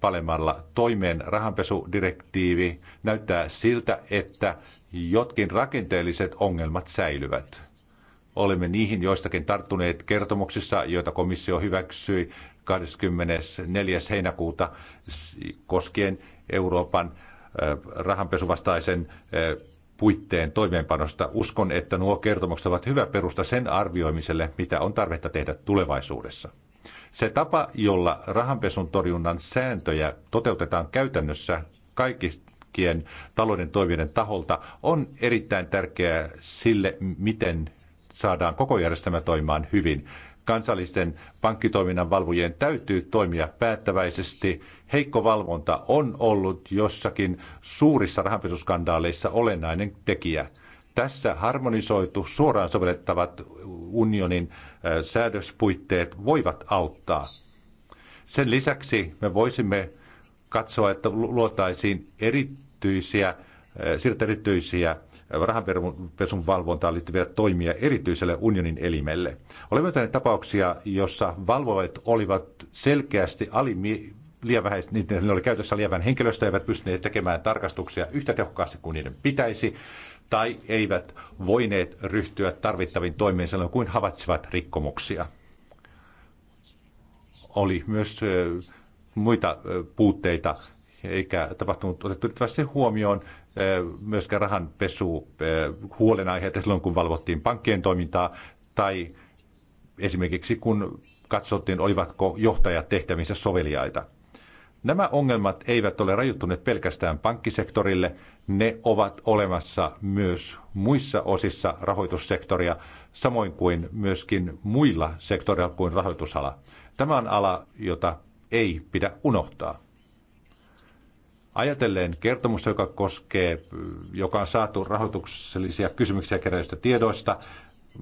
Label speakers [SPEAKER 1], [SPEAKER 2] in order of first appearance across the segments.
[SPEAKER 1] palemalla toimeen rahanpesudirektiivi, näyttää siltä, että jotkin rakenteelliset ongelmat säilyvät. Olemme niihin joistakin tarttuneet kertomuksissa, joita komissio hyväksyi 24. heinäkuuta koskien Euroopan rahanpesuvastaisen puitteen toimeenpanosta. Uskon, että nuo kertomukset ovat hyvä perusta sen arvioimiselle, mitä on tarvetta tehdä tulevaisuudessa. Se tapa, jolla rahanpesun torjunnan sääntöjä toteutetaan käytännössä kaikkien talouden toimijoiden taholta, on erittäin tärkeää sille, miten saadaan koko järjestelmä toimimaan hyvin. Kansallisten pankkitoiminnan valvojien täytyy toimia päättäväisesti. Heikko valvonta on ollut jossakin suurissa rahanpesuskandaaleissa olennainen tekijä. Tässä harmonisoitu, suoraan sovellettavat unionin säädöspuitteet voivat auttaa. Sen lisäksi me voisimme katsoa, että luotaisiin erityisiä, siltä erityisiä rahanpesun valvontaan liittyviä toimia erityiselle unionin elimelle. Olemme tehneet tapauksia, jossa valvojat olivat selkeästi alimi, liian vähäis, niin, ne oli käytössä liian vähän henkilöstöä, eivät pystyneet tekemään tarkastuksia yhtä tehokkaasti kuin niiden pitäisi tai eivät voineet ryhtyä tarvittaviin toimiin silloin, kuin havaitsivat rikkomuksia. Oli myös muita puutteita, eikä tapahtunut otettu riittävästi huomioon myöskään rahanpesu huolenaiheita silloin, kun valvottiin pankkien toimintaa tai esimerkiksi kun katsottiin, olivatko johtajat tehtävissä soveliaita. Nämä ongelmat eivät ole rajoittuneet pelkästään pankkisektorille, ne ovat olemassa myös muissa osissa rahoitussektoria, samoin kuin myöskin muilla sektoreilla kuin rahoitusala. Tämä on ala, jota ei pidä unohtaa. Ajatellen kertomusta, joka koskee, joka on saatu rahoituksellisia kysymyksiä keräystä tiedoista,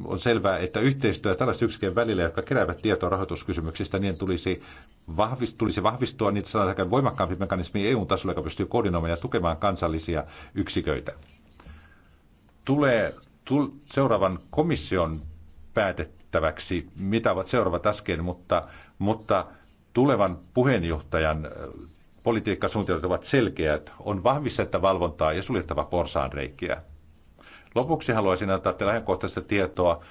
[SPEAKER 1] on selvää, että yhteistyö tällaisten yksikön välillä, jotka keräävät tietoa rahoituskysymyksistä, niin tulisi, vahvist, tulisi vahvistua, niin sanotaan voimakkaampi mekanismi EU-tasolla, joka pystyy koordinoimaan ja tukemaan kansallisia yksiköitä. Tulee tul, seuraavan komission päätettäväksi, mitä ovat seuraavat äsken, mutta, mutta tulevan puheenjohtajan äh, politiikkasuunnitelmat ovat selkeät. On vahvistettava valvontaa ja suljettava reikiä. Lopuksi haluaisin antaa teille ajankohtaista tietoa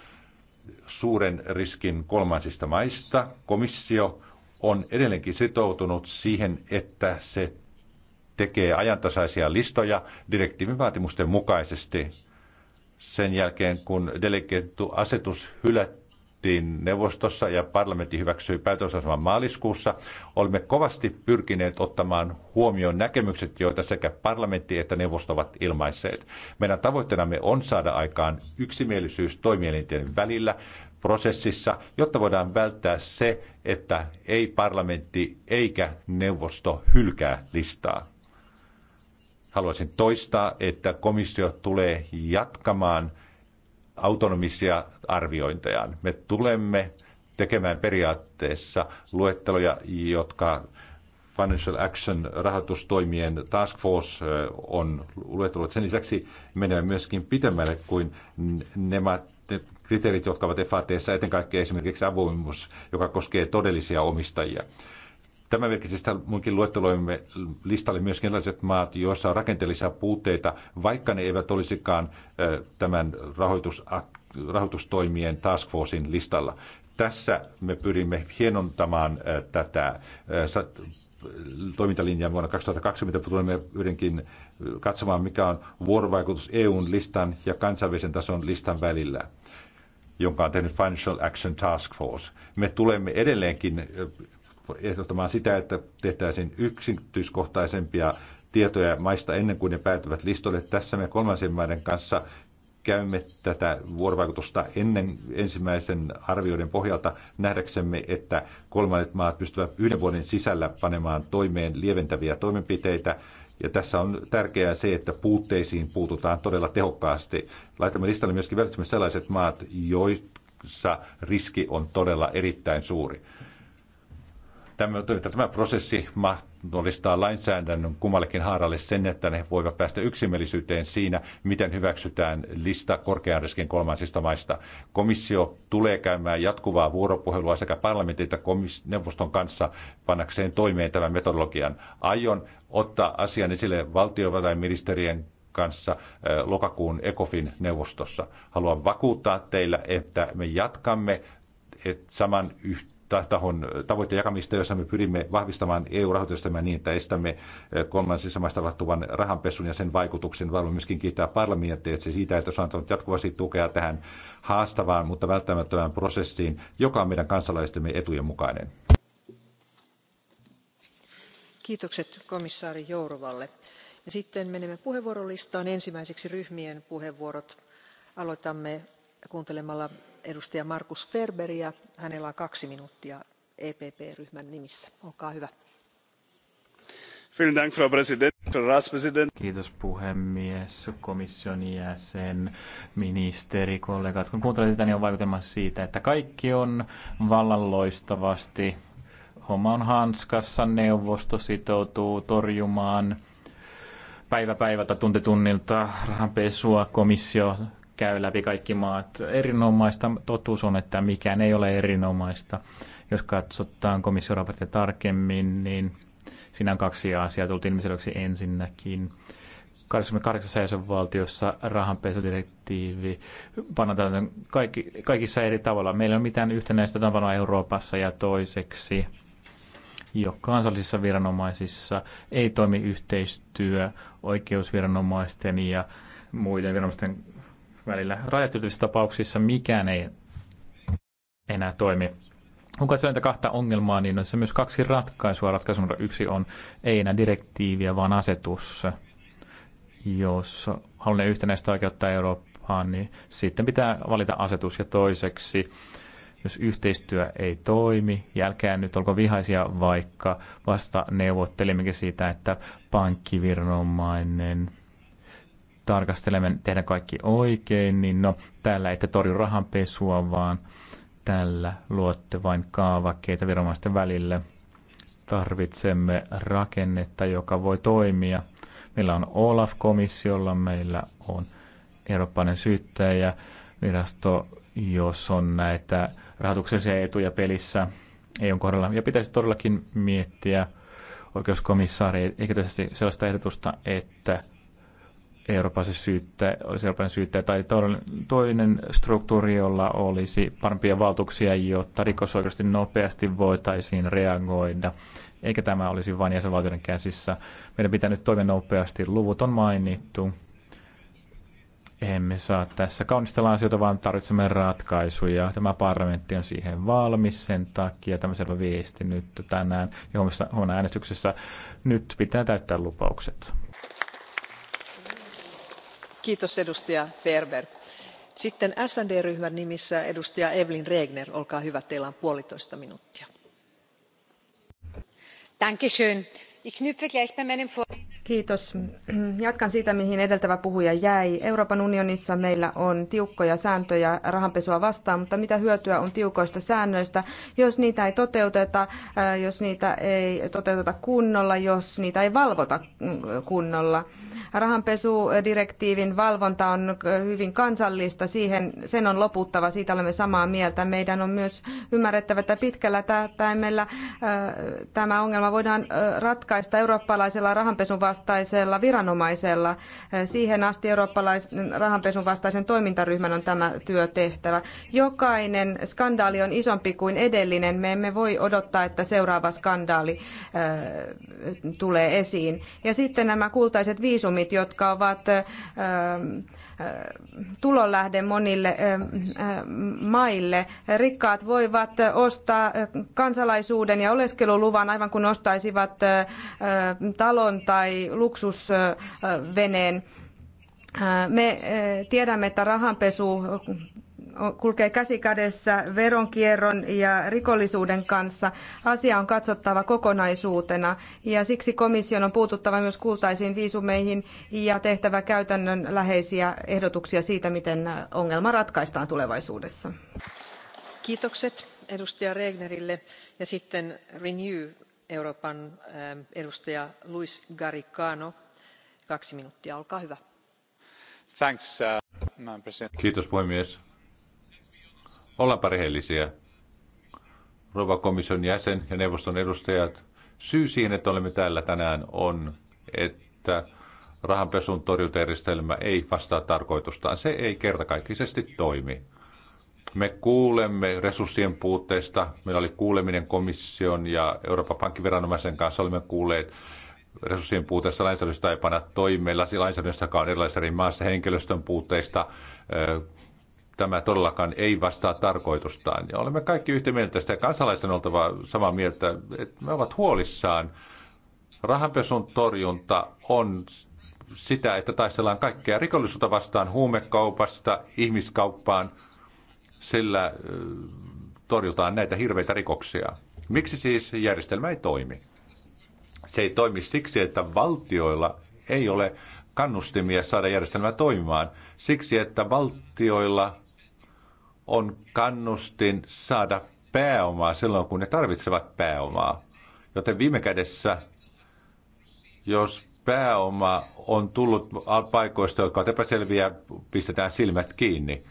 [SPEAKER 1] suuren riskin kolmansista maista. Komissio on edelleenkin sitoutunut siihen, että se tekee ajantasaisia listoja direktiivin vaatimusten mukaisesti. Sen jälkeen, kun delegettu asetus hylättiin, hyväksyttiin neuvostossa ja parlamentti hyväksyi päätösaseman maaliskuussa. Olemme kovasti pyrkineet ottamaan huomioon näkemykset, joita sekä parlamentti että neuvosto ovat ilmaisseet. Meidän tavoitteenamme on saada aikaan yksimielisyys toimielinten välillä prosessissa, jotta voidaan välttää se, että ei parlamentti eikä neuvosto hylkää listaa. Haluaisin toistaa, että komissio tulee jatkamaan – autonomisia arviointejaan. Me tulemme tekemään periaatteessa luetteloja, jotka Financial Action rahoitustoimien task force on luettelut. Sen lisäksi menemme myöskin pitemmälle kuin nämä kriteerit, jotka ovat FATssä, eten kaikkea esimerkiksi avoimuus, joka koskee todellisia omistajia. Tämä merkitsi sitä munkin luetteloimme listalle myös sellaiset maat, joissa on rakenteellisia puutteita, vaikka ne eivät olisikaan tämän rahoitus, rahoitustoimien task forcein listalla. Tässä me pyrimme hienontamaan tätä toimintalinjaa vuonna 2020. Tulemme yhdenkin katsomaan, mikä on vuorovaikutus EUn listan ja kansainvälisen tason listan välillä jonka on tehnyt Financial Action Task Force. Me tulemme edelleenkin ehdottamaan sitä, että tehtäisiin yksityiskohtaisempia tietoja maista ennen kuin ne päätyvät listoille. Tässä me kolmansien maiden kanssa käymme tätä vuorovaikutusta ennen ensimmäisen arvioiden pohjalta nähdäksemme, että kolmannet maat pystyvät yhden vuoden sisällä panemaan toimeen lieventäviä toimenpiteitä. Ja tässä on tärkeää se, että puutteisiin puututaan todella tehokkaasti. Laitamme listalle myöskin välttämättä sellaiset maat, joissa riski on todella erittäin suuri. Tämä, että tämä prosessi mahdollistaa lainsäädännön kummallekin haaralle sen, että ne voivat päästä yksimielisyyteen siinä, miten hyväksytään lista korkean riskin kolmansista maista. Komissio tulee käymään jatkuvaa vuoropuhelua sekä parlamentin että neuvoston kanssa pannakseen toimeen tämän metodologian. Aion ottaa asian esille valtiovarainministerien kanssa eh, lokakuun ECOFIN neuvostossa. Haluan vakuuttaa teillä, että me jatkamme eh, saman yhteyden tahon tavoitteen jakamista, jossa me pyrimme vahvistamaan EU-rahoitusjärjestelmää niin, että estämme eh, kolmansissa maissa tapahtuvan rahanpesun ja sen vaikutuksen. Haluan myöskin kiittää parlamentteja siitä, että se on antanut jatkuvasti tukea tähän haastavaan, mutta välttämättömään prosessiin, joka on meidän kansalaistemme etujen mukainen.
[SPEAKER 2] Kiitokset komissaari Jourovalle. Ja sitten menemme puheenvuorolistaan. Ensimmäiseksi ryhmien puheenvuorot. Aloitamme kuuntelemalla edustaja markus ferberia hänellä on kaksi minuuttia epp ryhmän nimissä olkaa hyvä.
[SPEAKER 3] Kiitos puhemies, komission jäsen, ministeri, kollegat. Kun kuuntelet tätä, niin on vaikutelma siitä, että kaikki on vallan loistavasti. Homma on hanskassa, neuvosto sitoutuu torjumaan päivä päivältä, tunti tunnilta rahanpesua, komissio käy läpi kaikki maat. Erinomaista totuus on, että mikään ei ole erinomaista. Jos katsotaan komissioraportia tarkemmin, niin siinä on kaksi asiaa tullut ilmiselväksi ensinnäkin. 28 jäsenvaltiossa rahanpesudirektiivi pannaan kaikki, kaikissa eri tavalla. Meillä ei ole mitään yhtenäistä tavalla Euroopassa ja toiseksi jo kansallisissa viranomaisissa ei toimi yhteistyö oikeusviranomaisten ja muiden viranomaisten välillä. Rajat tapauksissa mikään ei enää toimi. Kun katsoo näitä kahta ongelmaa, niin on se myös kaksi ratkaisua. Ratkaisu numero yksi on ei enää direktiiviä, vaan asetus. Jos haluaa yhtenäistä oikeutta Eurooppaan, niin sitten pitää valita asetus. Ja toiseksi, jos yhteistyö ei toimi, jälkeen nyt olko vihaisia, vaikka vasta neuvottelimmekin siitä, että pankkiviranomainen – tarkastelemme tehdä kaikki oikein, niin no, täällä ette torju rahanpesua, vaan tällä luotte vain kaavakkeita viranomaisten välille. Tarvitsemme rakennetta, joka voi toimia. Meillä on Olaf-komissiolla, meillä on Eurooppalainen syyttäjä, virasto, jos on näitä rahoituksellisia etuja pelissä EUn kohdalla. Ja pitäisi todellakin miettiä oikeuskomissaari, eikä tietysti sellaista ehdotusta, että Euroopan syytte, olisi Euroopan syyttäjä tai toinen struktuuri, jolla olisi parempia valtuuksia, jotta rikosoikeudellisesti nopeasti voitaisiin reagoida. Eikä tämä olisi vain jäsenvaltioiden käsissä. Meidän pitää nyt toimia nopeasti. Luvut on mainittu. Emme saa tässä kaunistella asioita, vaan tarvitsemme ratkaisuja. Tämä parlamentti on siihen valmis sen takia. Tämä selvä viesti nyt tänään ja huomenna äänestyksessä. Nyt pitää täyttää lupaukset
[SPEAKER 2] arvoisa puhemies sitten sd nimissä edustaja evelyn regner olkaa hyvä teillä on
[SPEAKER 4] puolitoista minuuttia. Kiitos. Jatkan siitä, mihin edeltävä puhuja jäi. Euroopan unionissa meillä on tiukkoja sääntöjä rahanpesua vastaan, mutta mitä hyötyä on tiukoista säännöistä, jos niitä ei toteuteta, äh, jos niitä ei toteuteta kunnolla, jos niitä ei valvota mm, kunnolla. Rahanpesudirektiivin valvonta on hyvin kansallista, siihen, sen on loputtava, siitä olemme samaa mieltä. Meidän on myös ymmärrettävä, että pitkällä tähtäimellä äh, tämä ongelma voidaan äh, ratkaista eurooppalaisella rahanpesun vastaan vastaisella viranomaisella. Siihen asti eurooppalaisen rahanpesun vastaisen toimintaryhmän on tämä työ tehtävä. Jokainen skandaali on isompi kuin edellinen. Me emme voi odottaa, että seuraava skandaali äh, tulee esiin. Ja sitten nämä kultaiset viisumit, jotka ovat äh, tulonlähde monille maille. Rikkaat voivat ostaa kansalaisuuden ja oleskeluluvan aivan kuin ostaisivat talon tai luksusveneen. Me tiedämme, että rahanpesu kulkee käsi kädessä veronkierron ja rikollisuuden kanssa. Asia on katsottava kokonaisuutena ja siksi komission on puututtava myös kultaisiin viisumeihin ja tehtävä käytännönläheisiä ehdotuksia siitä, miten ongelma ratkaistaan tulevaisuudessa.
[SPEAKER 2] Kiitokset edustaja Regnerille ja sitten Renew Euroopan eh, edustaja Luis Garicano. Kaksi minuuttia, olkaa hyvä.
[SPEAKER 1] Thanks, uh, Kiitos puhemies Ollaanpa rehellisiä. Rova komission jäsen ja neuvoston edustajat, syy siihen, että olemme täällä tänään on, että rahanpesun torjuntajärjestelmä ei vastaa tarkoitustaan. Se ei kertakaikkisesti toimi. Me kuulemme resurssien puutteista, Meillä oli kuuleminen komission ja Euroopan pankkiviranomaisen kanssa. Olemme kuulleet resurssien puutteista lainsäädännöstä ei panna toimeen, lainsäädännöstä on erilaisissa eri maassa henkilöstön puutteista, tämä todellakaan ei vastaa tarkoitustaan. Ja olemme kaikki yhtä mieltä tästä. Kansalaisten oltava samaa mieltä, että me ovat huolissaan. Rahanpesun torjunta on sitä, että taistellaan kaikkea rikollisuutta vastaan, huumekaupasta, ihmiskauppaan, sillä torjutaan näitä hirveitä rikoksia. Miksi siis järjestelmä ei toimi? Se ei toimi siksi, että valtioilla ei ole kannustimia saada järjestelmä toimimaan. Siksi, että valtioilla on kannustin saada pääomaa silloin, kun ne tarvitsevat pääomaa. Joten viime kädessä, jos pääoma on tullut paikoista, jotka ovat epäselviä, pistetään silmät kiinni.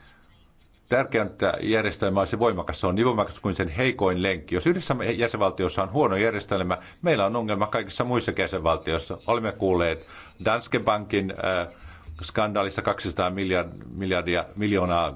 [SPEAKER 1] Tärkeintä järjestelmä on se voimakas, se on niin voimakas kuin sen heikoin lenkki. Jos yhdessä jäsenvaltiossa on huono järjestelmä, meillä on ongelma kaikissa muissa jäsenvaltioissa. Olemme kuulleet Danske Bankin äh, skandaalissa 200 miljard, miljardia, miljoonaa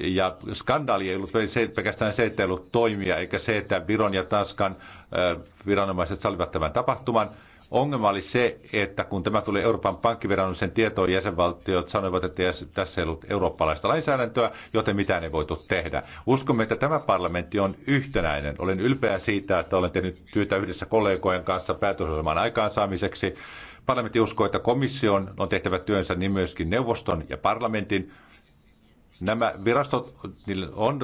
[SPEAKER 1] ja skandaali ei ollut se, pelkästään se, että ei ollut toimia, eikä se, että Viron ja Tanskan äh, viranomaiset salivat tämän tapahtuman. Ongelma oli se, että kun tämä tuli Euroopan pankkiviranomaisen tietoon, jäsenvaltiot sanoivat, että tässä ei ollut eurooppalaista lainsäädäntöä, joten mitään ei voitu tehdä. Uskomme, että tämä parlamentti on yhtenäinen. Olen ylpeä siitä, että olen tehnyt työtä yhdessä kollegojen kanssa päätösohjelman aikaansaamiseksi. Parlamentti uskoo, että komission on tehtävä työnsä niin myöskin neuvoston ja parlamentin. Nämä virastot, niillä on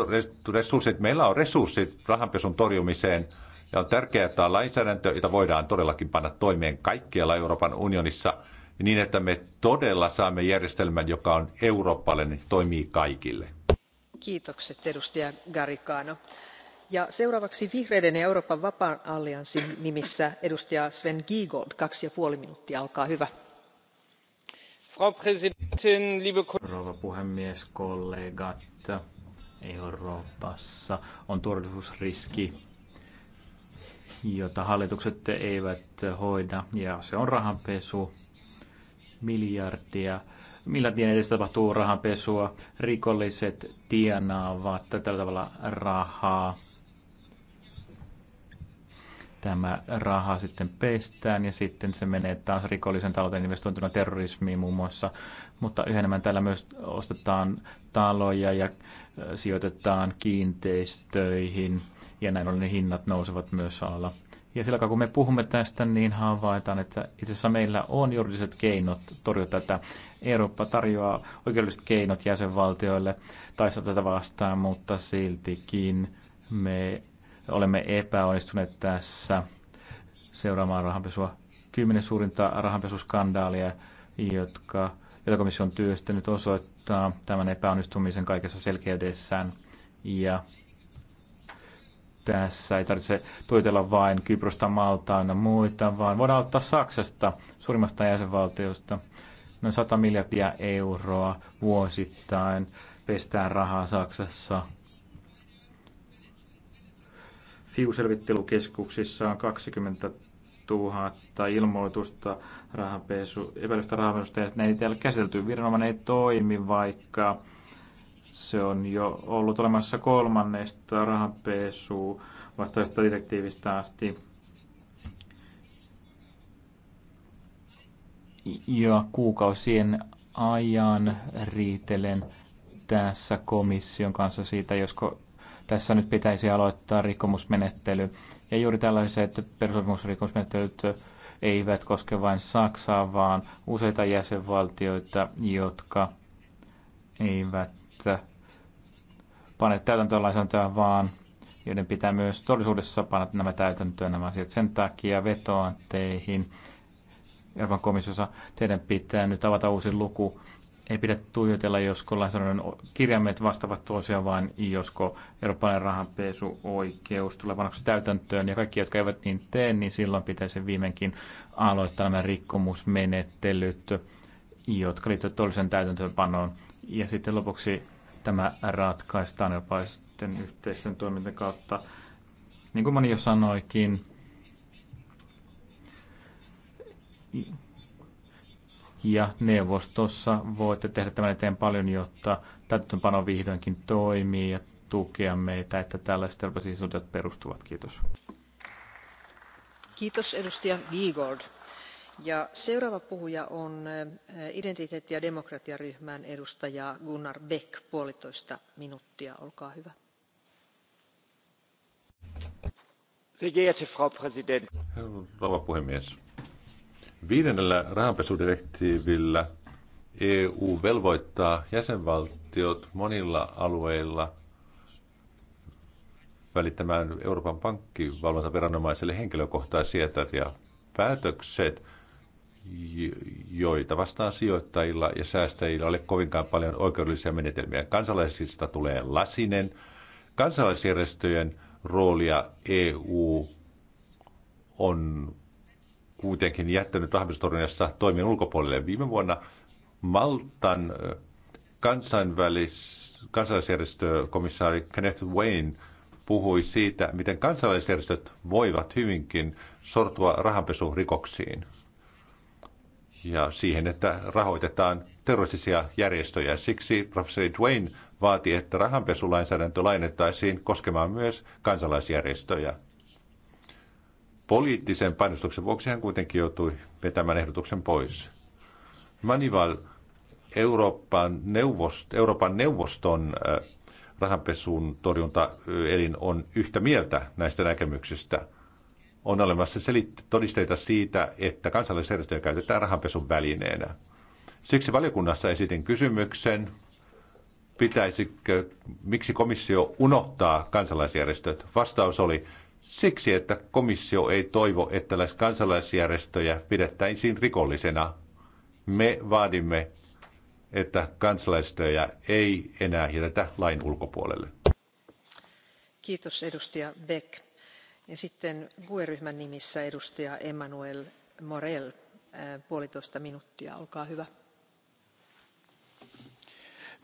[SPEAKER 1] resurssit, meillä on resurssit rahanpesun torjumiseen – ja on tärkeää, että on lainsäädäntö, jota voidaan todellakin panna toimeen kaikkialla Euroopan unionissa, niin että me todella saamme järjestelmän, joka on eurooppalainen, niin toimii kaikille.
[SPEAKER 2] Kiitokset edustaja Garikano. Ja seuraavaksi vihreiden ja Euroopan vapaan allianssin nimissä edustaja Sven Giegold, kaksi ja puoli minuuttia, olkaa hyvä.
[SPEAKER 3] Rouva puhemies, kollegat, Euroopassa on turvallisuusriski jota hallitukset eivät hoida, ja se on rahanpesu. Miljardia, tien edestä tapahtuu rahanpesua. Rikolliset tienaavat tällä tavalla rahaa. Tämä raha sitten pestään ja sitten se menee taas rikollisen talouteen investointuna terrorismiin muun muassa. Mutta yhä enemmän täällä myös ostetaan taloja ja sijoitetaan kiinteistöihin – ja näin ollen hinnat nousevat myös alla. Ja sillä kun me puhumme tästä, niin havaitaan, että itse asiassa meillä on juridiset keinot torjua tätä. Eurooppa tarjoaa oikeudelliset keinot jäsenvaltioille taistaa tätä vastaan, mutta siltikin me olemme epäonnistuneet tässä seuraamaan rahanpesua. Kymmenen suurinta rahanpesuskandaalia, jotka, joita komissio on työstänyt, osoittaa tämän epäonnistumisen kaikessa selkeydessään. Ja tässä ei tarvitse tuotella vain Kyprosta, Maltaan ja muita, vaan voidaan ottaa Saksasta, suurimmasta jäsenvaltiosta, noin 100 miljardia euroa vuosittain pestään rahaa Saksassa. FIU-selvittelukeskuksissa on 20 000 ilmoitusta rahanpesu, epäilystä rahanpesusta ja näitä ei ole käsitelty. Viranomainen ei toimi, vaikka se on jo ollut olemassa kolmannesta rahanpesu vastaista direktiivistä asti. Ja kuukausien ajan riitelen tässä komission kanssa siitä, josko tässä nyt pitäisi aloittaa rikkomusmenettely. Ja juuri tällaiset perusopimusrikkomusmenettelyt eivät koske vain Saksaa, vaan useita jäsenvaltioita, jotka eivät panet täytäntöön lainsäädäntöä, vaan joiden pitää myös todellisuudessa panna nämä täytäntöön nämä asiat. Sen takia vetoan teihin, Euroopan komissiossa, teidän pitää nyt avata uusi luku. Ei pidä tuijotella, josko lainsäädännön kirjaimet vastaavat toisiaan, vaan josko eurooppalainen oikeus tulee panoksi täytäntöön. Ja kaikki, jotka eivät niin tee, niin silloin pitäisi viimeinkin aloittaa nämä rikkomusmenettelyt, jotka liittyvät toisen täytäntöönpanoon. Ja sitten lopuksi tämä ratkaistaan jopa sitten yhteisten toiminnan kautta. Niin kuin moni jo sanoikin, ja neuvostossa voitte tehdä tämän eteen paljon, jotta täytäntöönpano vihdoinkin toimii ja tukea meitä, että tällaiset siis perustuvat. Kiitos.
[SPEAKER 2] Kiitos edustaja Giegold ja seuraava puhuja on eh, identiteetti ja demokratia ryhmän edustaja gunnar beck puolitoista minuuttia olkaa hyvä.
[SPEAKER 1] arvoisa puhemies viidennellä rahanpesudirektiivillä eu velvoittaa jäsenvaltiot monilla alueilla välittämään Euroopan pankkivalvontaviranomaiselle henkilökohtaisia tietoja. Päätökset joita vastaan sijoittajilla ja säästäjillä ole kovinkaan paljon oikeudellisia menetelmiä. Kansalaisista tulee lasinen. Kansalaisjärjestöjen roolia EU on kuitenkin jättänyt rahoitustorjunnassa toimien ulkopuolelle. Viime vuonna Maltan kansainvälis, kansalaisjärjestökomissaari Kenneth Wayne puhui siitä, miten kansalaisjärjestöt voivat hyvinkin sortua rahanpesurikoksiin ja siihen, että rahoitetaan terroristisia järjestöjä. Siksi professori Dwayne vaati, että rahanpesulainsäädäntö lainettaisiin koskemaan myös kansalaisjärjestöjä. Poliittisen painostuksen vuoksi hän kuitenkin joutui vetämään ehdotuksen pois. Manival Euroopan, neuvost, Euroopan neuvoston äh, rahanpesun torjuntaelin on yhtä mieltä näistä näkemyksistä – on olemassa selit- todisteita siitä, että kansallisjärjestöjä käytetään rahanpesun välineenä. Siksi valiokunnassa esitin kysymyksen, pitäisikö, miksi komissio unohtaa kansalaisjärjestöt. Vastaus oli, siksi että komissio ei toivo, että kansalaisjärjestöjä pidettäisiin rikollisena. Me vaadimme, että kansalaisjärjestöjä ei enää jätetä lain ulkopuolelle.
[SPEAKER 2] Kiitos edustaja Beck arvoisa sitten nimissä edustaja Emmanuel Morel, äh, minuuttia, hyvä.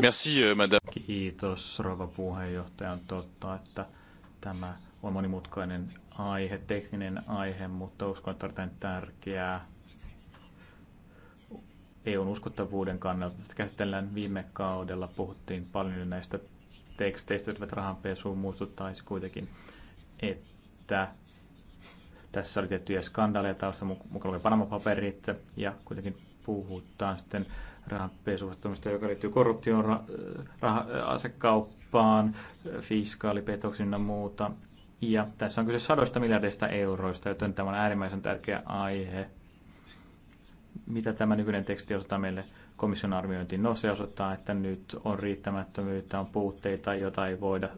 [SPEAKER 3] Merci, euh, Kiitos, On totta, että tämä on monimutkainen aihe, tekninen aihe, mutta uskon, että on tärkeää EUn uskottavuuden kannalta. Sitä käsitellään viime kaudella, puhuttiin paljon näistä teksteistä, jotka rahanpesuun muistuttaisi kuitenkin, että että tässä oli tiettyjä skandaaleja taustalla, mukaan Panama-paperit, ja kuitenkin puhutaan sitten rahanpesuvastuumista, joka liittyy korruptioon, ra- asekauppaan, fiskaalipetoksiin ja muuta. Ja tässä on kyse sadoista miljardeista euroista, joten tämä on äärimmäisen tärkeä aihe. Mitä tämä nykyinen teksti osoittaa meille komission arviointiin? No se osoittaa, että nyt on riittämättömyyttä, on puutteita, joita ei voida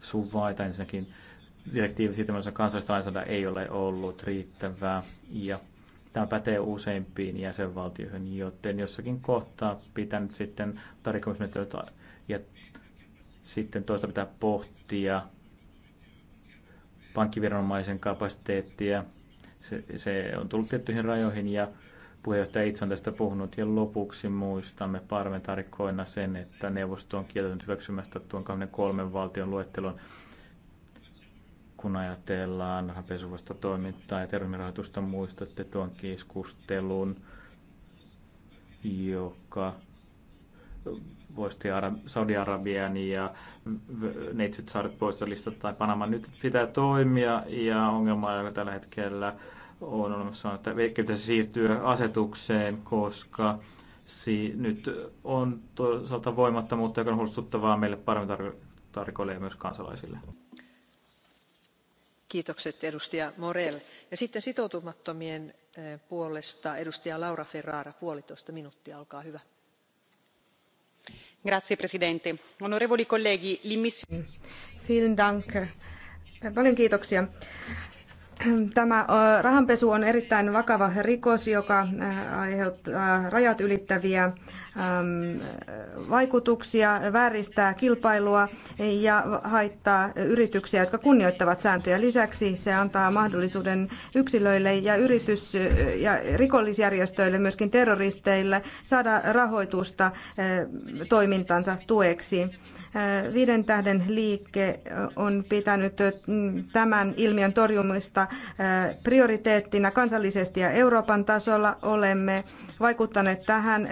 [SPEAKER 3] suvaita. Ensinnäkin direktiivi että kansallista lainsäädäntöä ei ole ollut riittävää ja tämä pätee useimpiin jäsenvaltioihin, joten jossakin kohtaa pitää nyt sitten tarikomismenettelyt ja sitten toista pitää pohtia pankkiviranomaisen kapasiteettia. Se, se on tullut tiettyihin rajoihin ja puheenjohtaja itse on tästä puhunut. Ja lopuksi muistamme parlamentaarikkoina sen, että neuvosto on kieltänyt hyväksymästä tuon 23 valtion luettelon kun ajatellaan rahanpesuvasta toimintaa ja terrorismirahoitusta, muistatte tuon keskustelun, joka poisti Saudi-Arabian ja Neitsyt saaret pois listalta tai Panama. Nyt pitää toimia ja ongelma, joka tällä hetkellä on olemassa, on, että pitäisi siirtyä asetukseen, koska si- nyt on toisaalta voimattomuutta, joka on huolestuttavaa meille paremmin tarkoille ja myös kansalaisille
[SPEAKER 2] kiitokset edustaja morel ja sitten sitoutumattomien eh, puolesta edustaja laura ferrara puolitoista minuuttia olkaa hyvä.
[SPEAKER 4] arvoisa puhemies onorevoli colleghi paljon kiitoksia. Tämä rahanpesu on erittäin vakava rikos, joka aiheuttaa rajat ylittäviä vaikutuksia, vääristää kilpailua ja haittaa yrityksiä, jotka kunnioittavat sääntöjä. Lisäksi se antaa mahdollisuuden yksilöille ja yritys- ja rikollisjärjestöille, myöskin terroristeille, saada rahoitusta toimintansa tueksi. Äh, viiden tähden liike äh, on pitänyt äh, tämän ilmiön torjumista prioriteettina kansallisesti ja Euroopan tasolla. Olemme vaikuttaneet tähän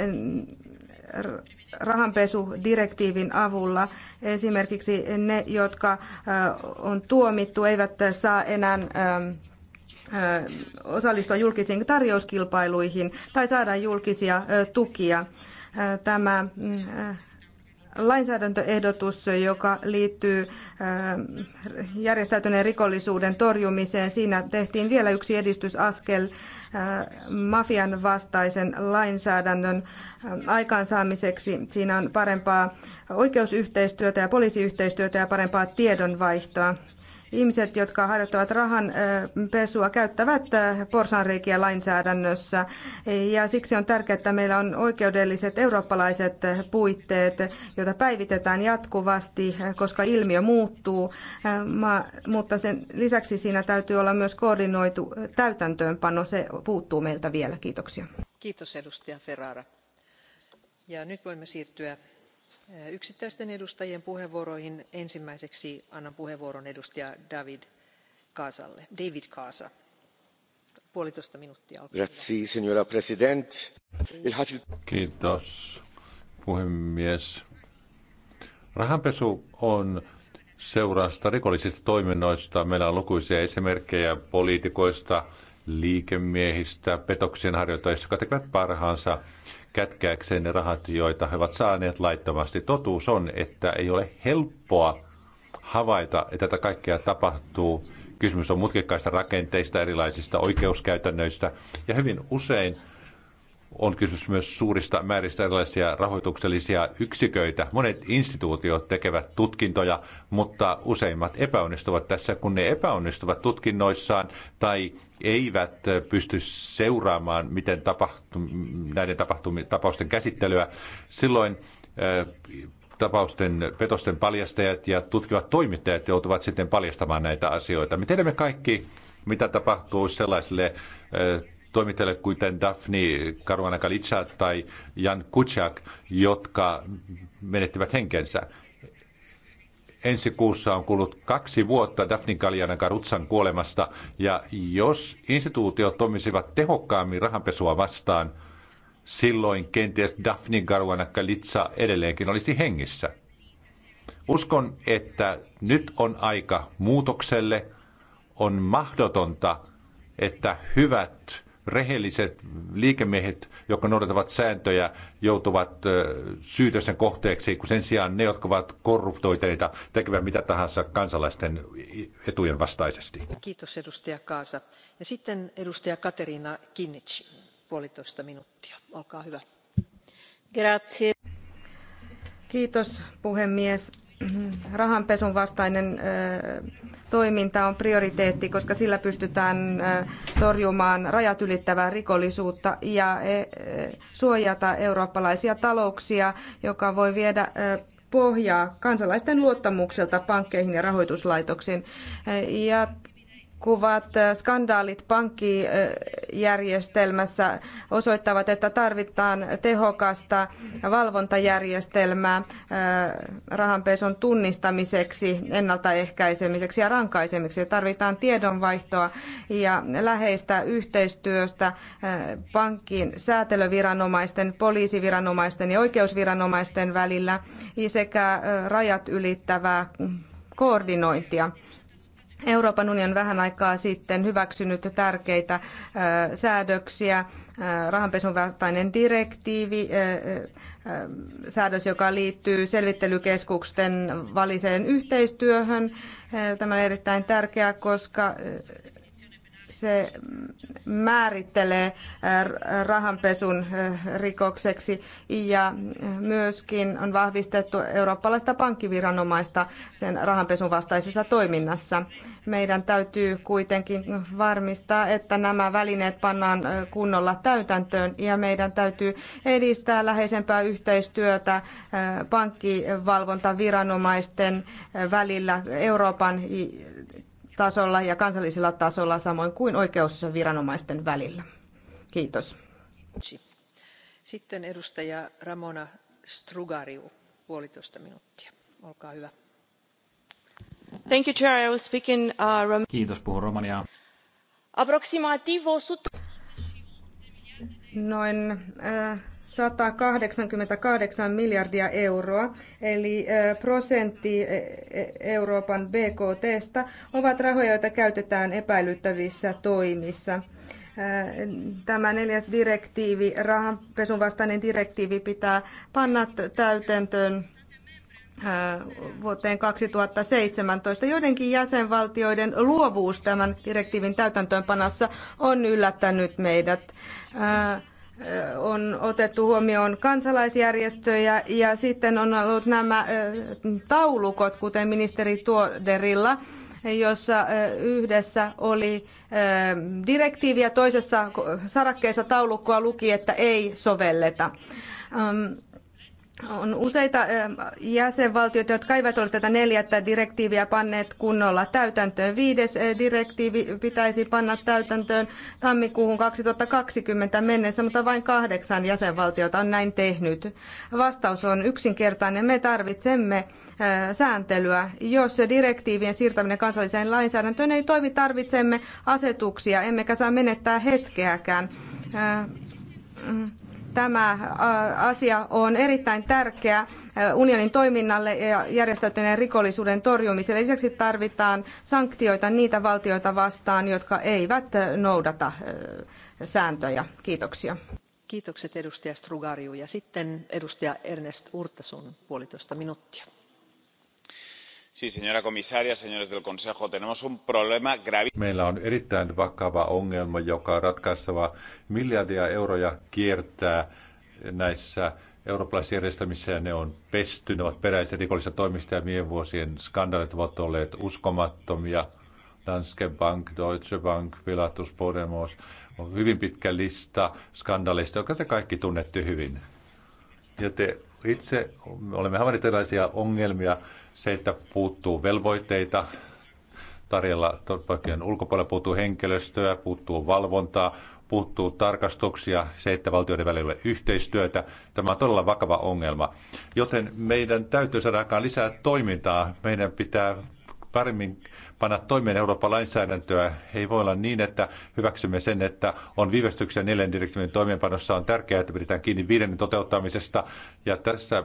[SPEAKER 4] rahanpesudirektiivin avulla. Esimerkiksi ne, jotka on tuomittu, eivät saa enää osallistua julkisiin tarjouskilpailuihin tai saada julkisia tukia. Tämä mm, lainsäädäntöehdotus, joka liittyy äh, järjestäytyneen rikollisuuden torjumiseen. Siinä tehtiin vielä yksi edistysaskel äh, mafian vastaisen lainsäädännön äh, aikaansaamiseksi. Siinä on parempaa oikeusyhteistyötä ja poliisiyhteistyötä ja parempaa tiedonvaihtoa. Ihmiset, jotka harjoittavat rahan pesua, käyttävät porsanreikiä lainsäädännössä ja siksi on tärkeää, että meillä on oikeudelliset eurooppalaiset puitteet, joita päivitetään jatkuvasti, koska ilmiö muuttuu, mutta sen lisäksi siinä täytyy olla myös koordinoitu täytäntöönpano. Se puuttuu meiltä vielä. Kiitoksia.
[SPEAKER 2] Kiitos edustaja Ferrara. Ja nyt voimme siirtyä yksittäisten edustajien puheenvuoroihin. ensimmäiseksi annan puheenvuoron edustaja david casalle. david casa puolitoista minuuttia.
[SPEAKER 3] Signora president.
[SPEAKER 1] Kiitos puhemies. Rahanpesu on seurausta rikollisista toiminnoista. Meillä on lukuisia esimerkkejä poliitikoista, liikemiehistä, petoksien harjoittajista, jotka tekevät parhaansa kätkääkseen ne rahat, joita he ovat saaneet laittomasti. Totuus on, että ei ole helppoa havaita, että tätä kaikkea tapahtuu. Kysymys on mutkikkaista rakenteista, erilaisista oikeuskäytännöistä ja hyvin usein on kysymys myös suurista määristä erilaisia rahoituksellisia yksiköitä. Monet instituutiot tekevät tutkintoja, mutta useimmat epäonnistuvat tässä, kun ne epäonnistuvat tutkinnoissaan tai eivät pysty seuraamaan miten tapahtum, näiden tapahtum, tapausten käsittelyä, silloin äh, tapausten petosten paljastajat ja tutkivat toimittajat joutuvat sitten paljastamaan näitä asioita. Me tiedämme kaikki, mitä tapahtuu sellaisille äh, toimittajille kuten Daphne Caruana Kalitsa tai Jan Kuciak, jotka menettivät henkensä. Ensi kuussa on kulunut kaksi vuotta Daphne Kaljana Karutsan kuolemasta, ja jos instituutiot toimisivat tehokkaammin rahanpesua vastaan, silloin kenties Daphne Caruana Kalitsa edelleenkin olisi hengissä. Uskon, että nyt on aika muutokselle. On mahdotonta, että hyvät rehelliset liikemiehet, jotka noudattavat sääntöjä, joutuvat syytösten kohteeksi, kun sen sijaan ne, jotka ovat korruptoiteita, tekevät mitä tahansa kansalaisten etujen vastaisesti.
[SPEAKER 2] Kiitos edustaja Kaasa. Ja sitten edustaja Katerina Kinnici, puolitoista minuuttia. Olkaa hyvä.
[SPEAKER 4] Grazie. Kiitos puhemies rahanpesun vastainen toiminta on prioriteetti, koska sillä pystytään torjumaan rajat ylittävää rikollisuutta ja e, suojata eurooppalaisia talouksia, joka voi viedä pohjaa kansalaisten luottamukselta pankkeihin ja rahoituslaitoksiin. Ja jatkuvat skandaalit pankkijärjestelmässä osoittavat, että tarvitaan tehokasta valvontajärjestelmää äh, rahanpesun tunnistamiseksi, ennaltaehkäisemiseksi ja rankaisemiseksi. Tarvitaan tiedonvaihtoa ja läheistä yhteistyöstä äh, pankin säätelyviranomaisten, poliisiviranomaisten ja oikeusviranomaisten välillä sekä äh, rajat ylittävää koordinointia. Euroopan union vähän aikaa sitten hyväksynyt tärkeitä säädöksiä, rahanpesun vastainen direktiivi, säädös, joka liittyy selvittelykeskusten väliseen yhteistyöhön. Tämä on erittäin tärkeää, koska se määrittelee äh, rahanpesun äh, rikokseksi ja äh, myöskin on vahvistettu eurooppalaista pankkiviranomaista sen rahanpesun vastaisessa toiminnassa. Meidän täytyy kuitenkin varmistaa, että nämä välineet pannaan kunnolla täytäntöön ja meidän täytyy edistää läheisempää yhteistyötä pankkivalvontaviranomaisten välillä Euroopan tasolla ja kansallisella tasolla, samoin kuin oikeusviranomaisten välillä. Kiitos.
[SPEAKER 2] Sitten edustaja Ramona Strugariu, puolitoista minuuttia. Olkaa hyvä.
[SPEAKER 3] Thank you, Chair. I will speak in, uh, Rom- Kiitos, puhun romaniaa.
[SPEAKER 4] Approximativ 100... Noin äh, 188 miljardia euroa, eli prosentti Euroopan BKTstä, ovat rahoja, joita käytetään epäilyttävissä toimissa. Tämä neljäs direktiivi, rahanpesun vastainen direktiivi, pitää panna täytäntöön vuoteen 2017. Joidenkin jäsenvaltioiden luovuus tämän direktiivin täytäntöönpanossa on yllättänyt meidät on otettu huomioon kansalaisjärjestöjä ja sitten on ollut nämä taulukot, kuten ministeri Tuoderilla, jossa yhdessä oli direktiivi ja toisessa sarakkeessa taulukkoa luki, että ei sovelleta on useita jäsenvaltioita, jotka eivät ole tätä neljättä direktiiviä panneet kunnolla täytäntöön. Viides direktiivi pitäisi panna täytäntöön tammikuuhun 2020 mennessä, mutta vain kahdeksan jäsenvaltiota on näin tehnyt. Vastaus on yksinkertainen. Me tarvitsemme sääntelyä. Jos direktiivien siirtäminen kansalliseen lainsäädäntöön ei toimi, tarvitsemme asetuksia, emmekä saa menettää hetkeäkään mm. Tämä asia on erittäin tärkeä unionin toiminnalle ja järjestäytyneen rikollisuuden torjumiselle. Lisäksi tarvitaan sanktioita niitä valtioita vastaan, jotka eivät noudata sääntöjä. Kiitoksia. Kiitokset edustaja Strugariu ja sitten edustaja Ernest Urtasun
[SPEAKER 3] puolitoista minuuttia
[SPEAKER 1] Meillä on erittäin vakava ongelma, joka on ratkaistava. Miljardia euroja kiertää näissä eurooppalaisissa järjestelmissä ja ne on pesty, ne ovat peräisin rikollisista toimista ja viime vuosien skandaalit ovat olleet uskomattomia. Danske Bank, Deutsche Bank, Pilatus Podemos, on hyvin pitkä lista skandaaleista, jotka te kaikki tunnette hyvin. Ja te itse olemme havainneet erilaisia ongelmia, se, että puuttuu velvoitteita tarjolla turvapaikkojen ulkopuolella, puuttuu henkilöstöä, puuttuu valvontaa, puuttuu tarkastuksia, se, että valtioiden välillä yhteistyötä. Tämä on todella vakava ongelma. Joten meidän täytyy saada aikaan lisää toimintaa. Meidän pitää paremmin panna toimeen Euroopan lainsäädäntöä. Ei voi olla niin, että hyväksymme sen, että on viivästyksiä neljän direktiivin toimeenpanossa. On tärkeää, että pidetään kiinni viiden toteuttamisesta. Ja tässä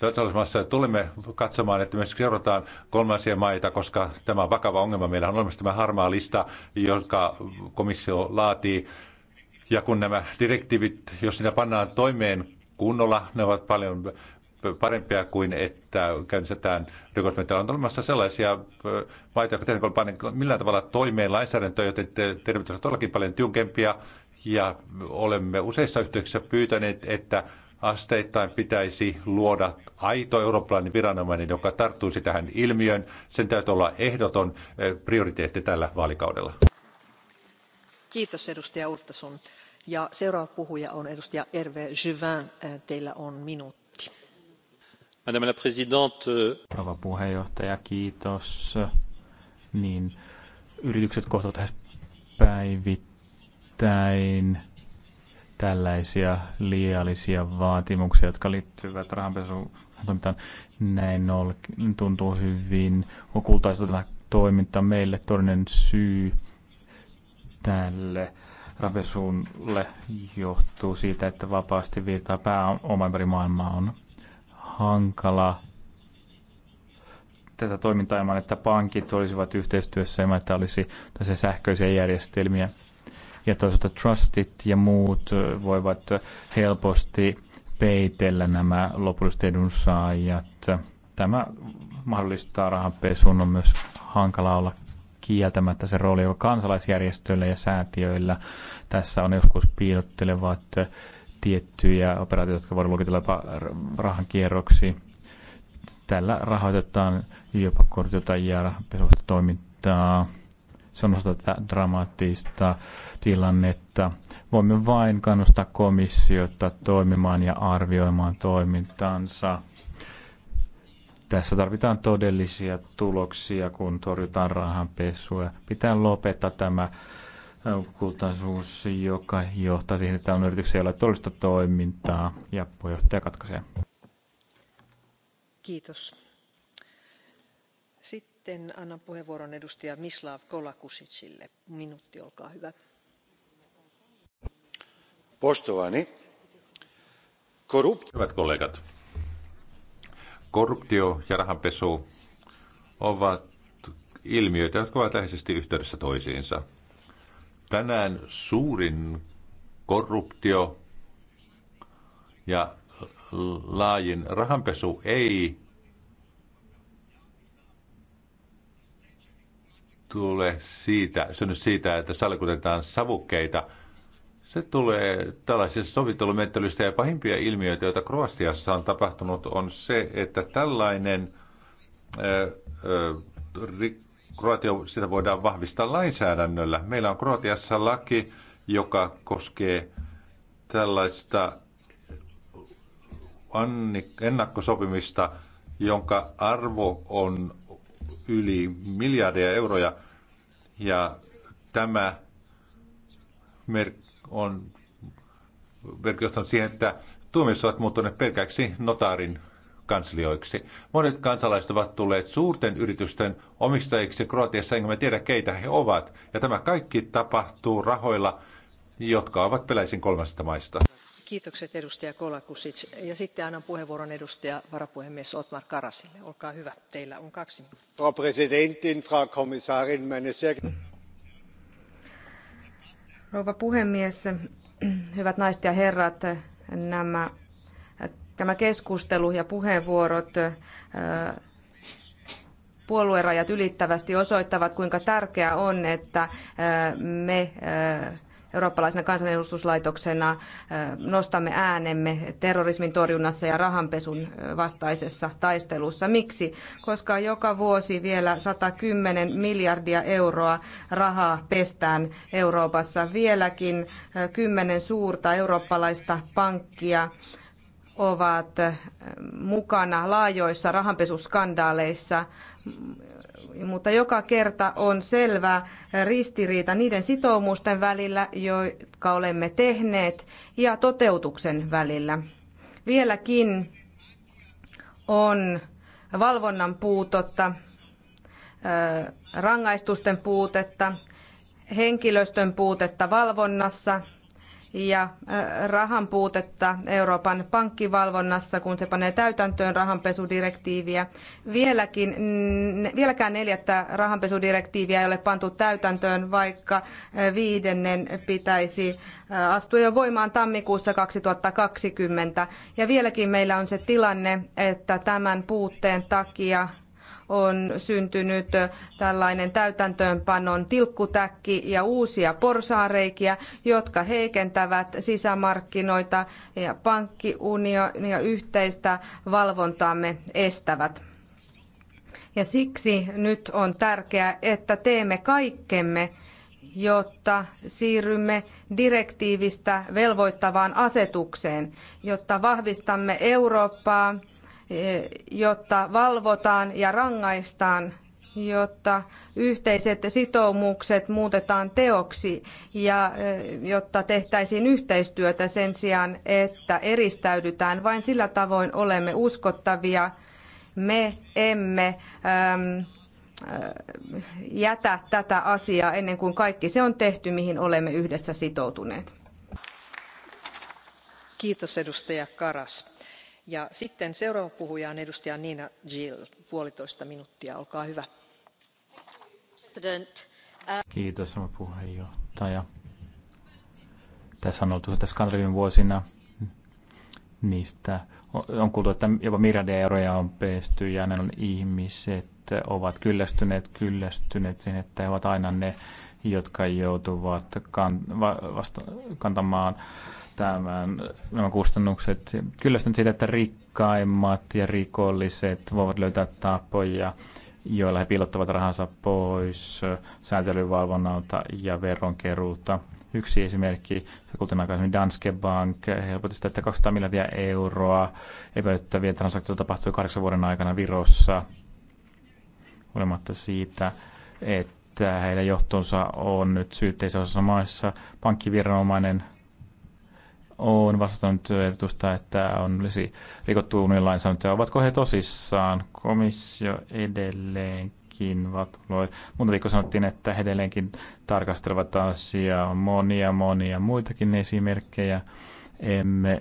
[SPEAKER 1] löytämässä. Tulemme katsomaan, että myös seurataan kolmansia maita, koska tämä on vakava ongelma. Meillä on olemassa tämä harmaa lista, jonka komissio laatii. Ja kun nämä direktiivit, jos niitä pannaan toimeen kunnolla, ne ovat paljon parempia kuin että käynnistetään rikosmenettelyä. On olemassa sellaisia maita, jotka tehdään panen millään tavalla toimeen lainsäädäntöä, joten terveydet ovat todellakin paljon tiukempia. Ja olemme useissa yhteyksissä pyytäneet, että asteittain pitäisi luoda aito eurooppalainen viranomainen, joka tarttuisi tähän ilmiön. Sen täytyy olla ehdoton eh, prioriteetti tällä vaalikaudella.
[SPEAKER 2] Kiitos edustaja Urtasun. Ja seuraava puhuja on edustaja Hervé Juvin. Eh, teillä on minuutti.
[SPEAKER 3] Madame la présidente. Eh. Rouva puheenjohtaja, kiitos. Niin, yritykset kohtavat päivittäin tällaisia liiallisia vaatimuksia, jotka liittyvät rahanpesuun Näin on, tuntuu hyvin okultaista tämä toiminta. Meille todellinen syy tälle rahanpesulle johtuu siitä, että vapaasti virtaa pääoma ympäri maailmaa on hankala tätä toimintaa ilman, että pankit olisivat yhteistyössä ilman, että olisi sähköisiä järjestelmiä – ja toisaalta trustit ja muut voivat helposti peitellä nämä lopulliset edunsaajat. Tämä mahdollistaa rahanpesun, on myös hankala olla kieltämättä se rooli, joka kansalaisjärjestöillä ja säätiöillä tässä on joskus piilottelevat tiettyjä operaatioita, jotka voivat luokitella jopa rahankierroksi. Tällä rahoitetaan jopa korjota ja rahanpesusta toimintaa. Se on osa tätä dramaattista tilannetta. Voimme vain kannustaa komissiota toimimaan ja arvioimaan toimintansa. Tässä tarvitaan todellisia tuloksia, kun torjutaan rahanpesua. Pitää lopettaa tämä äh, kultaisuus, joka johtaa siihen, että on yrityksiä, joilla todellista toimintaa. Ja puheenjohtaja katkaisee.
[SPEAKER 2] Kiitos arvoisa puhemies puheenvuoron edustaja Mislav Minuutti, on hyvä.
[SPEAKER 1] Poštovani, korrupt... Hyvät kollegat, korruptio ja rahanpesu ovat ilmiöitä, jotka ovat läheisesti yhteydessä toisiinsa. Tänään suurin korruptio ja laajin rahanpesu ei tule siitä, synny siitä, että salkutetaan savukkeita. Se tulee tällaisista sovittelumenettelyistä ja pahimpia ilmiöitä, joita Kroatiassa on tapahtunut, on se, että tällainen ö, Kroatia, sitä voidaan vahvistaa lainsäädännöllä. Meillä on Kroatiassa laki, joka koskee tällaista ennakkosopimista, jonka arvo on yli miljardia euroja ja tämä on johtanut siihen, että tuomiot ovat muuttuneet pelkäksi notaarin kanslioiksi. Monet kansalaiset ovat tulleet suurten yritysten omistajiksi Kroatiassa, enkä me tiedä keitä he ovat. Ja tämä kaikki tapahtuu rahoilla, jotka ovat peläisin kolmesta maista
[SPEAKER 2] kiitokset edustaja kolakusic ja sitten annan puheenvuoron edustaja varapuhemies othmar karasille olkaa hyvä teillä on kaksi minuuttia.
[SPEAKER 1] frau präsidentin frau kommissarin meine sehr
[SPEAKER 4] Rouva puhemies, hyvät naiset ja herrat, nämä, tämä keskustelu ja puheenvuorot puoluerajat ylittävästi osoittavat, kuinka tärkeää on, että me eurooppalaisena kansanedustuslaitoksena nostamme äänemme terrorismin torjunnassa ja rahanpesun vastaisessa taistelussa. Miksi? Koska joka vuosi vielä 110 miljardia euroa rahaa pestään Euroopassa. Vieläkin kymmenen suurta eurooppalaista pankkia ovat mukana laajoissa rahanpesuskandaaleissa mutta joka kerta on selvä ristiriita niiden sitoumusten välillä, jotka olemme tehneet, ja toteutuksen välillä. Vieläkin on valvonnan puutetta, rangaistusten puutetta, henkilöstön puutetta valvonnassa – ja rahan puutetta Euroopan pankkivalvonnassa, kun se panee täytäntöön rahanpesudirektiiviä. Vieläkin, vieläkään neljättä rahanpesudirektiiviä ei ole pantu täytäntöön, vaikka viidennen pitäisi astua jo voimaan tammikuussa 2020. Ja vieläkin meillä on se tilanne, että tämän puutteen takia on syntynyt tällainen täytäntöönpanon tilkkutäkki ja uusia porsaareikiä, jotka heikentävät sisämarkkinoita ja pankkiunionia yhteistä valvontaamme estävät. Ja siksi nyt on tärkeää, että teemme kaikkemme, jotta siirrymme direktiivistä velvoittavaan asetukseen, jotta vahvistamme Eurooppaa, E, jotta valvotaan ja rangaistaan, jotta yhteiset sitoumukset muutetaan teoksi ja e, jotta tehtäisiin yhteistyötä sen sijaan, että eristäydytään. Vain sillä tavoin olemme uskottavia. Me emme jätä tätä asiaa ennen kuin kaikki se on tehty, mihin olemme yhdessä sitoutuneet.
[SPEAKER 2] Kiitos edustaja Karas ja sitten seuraava puhuja on edustaja Nina Gill, puolitoista minuuttia, olkaa hyvä.
[SPEAKER 4] Uh,
[SPEAKER 3] Kiitos, rouva Tässä on oltu tässä skandalin vuosina niistä. On kuultu, että jopa miljardia euroja on pesty ja näin ihmiset ovat kyllästyneet, kyllästyneet siihen, että he ovat aina ne, jotka joutuvat kan- vasta- kantamaan tämän, nämä kustannukset. Kyllästynyt siitä, että rikkaimmat ja rikolliset voivat löytää tapoja, joilla he piilottavat rahansa pois sääntelyvalvonnalta ja veronkeruuta. Yksi esimerkki, kuten aikaisemmin Danske Bank, helpotti sitä, että 200 miljardia euroa epäilyttäviä transaktioita tapahtui kahdeksan vuoden aikana Virossa, huolimatta siitä, että heidän johtonsa on nyt syytteisessä maissa. Pankkiviranomainen on vastannut ehdotusta, että on olisi rikottu unionin lainsäädäntöä. Ovatko he tosissaan? Komissio edelleenkin vatuloi. Mutta viikko sanottiin, että he edelleenkin tarkastelevat asiaa. On monia, monia muitakin esimerkkejä. Emme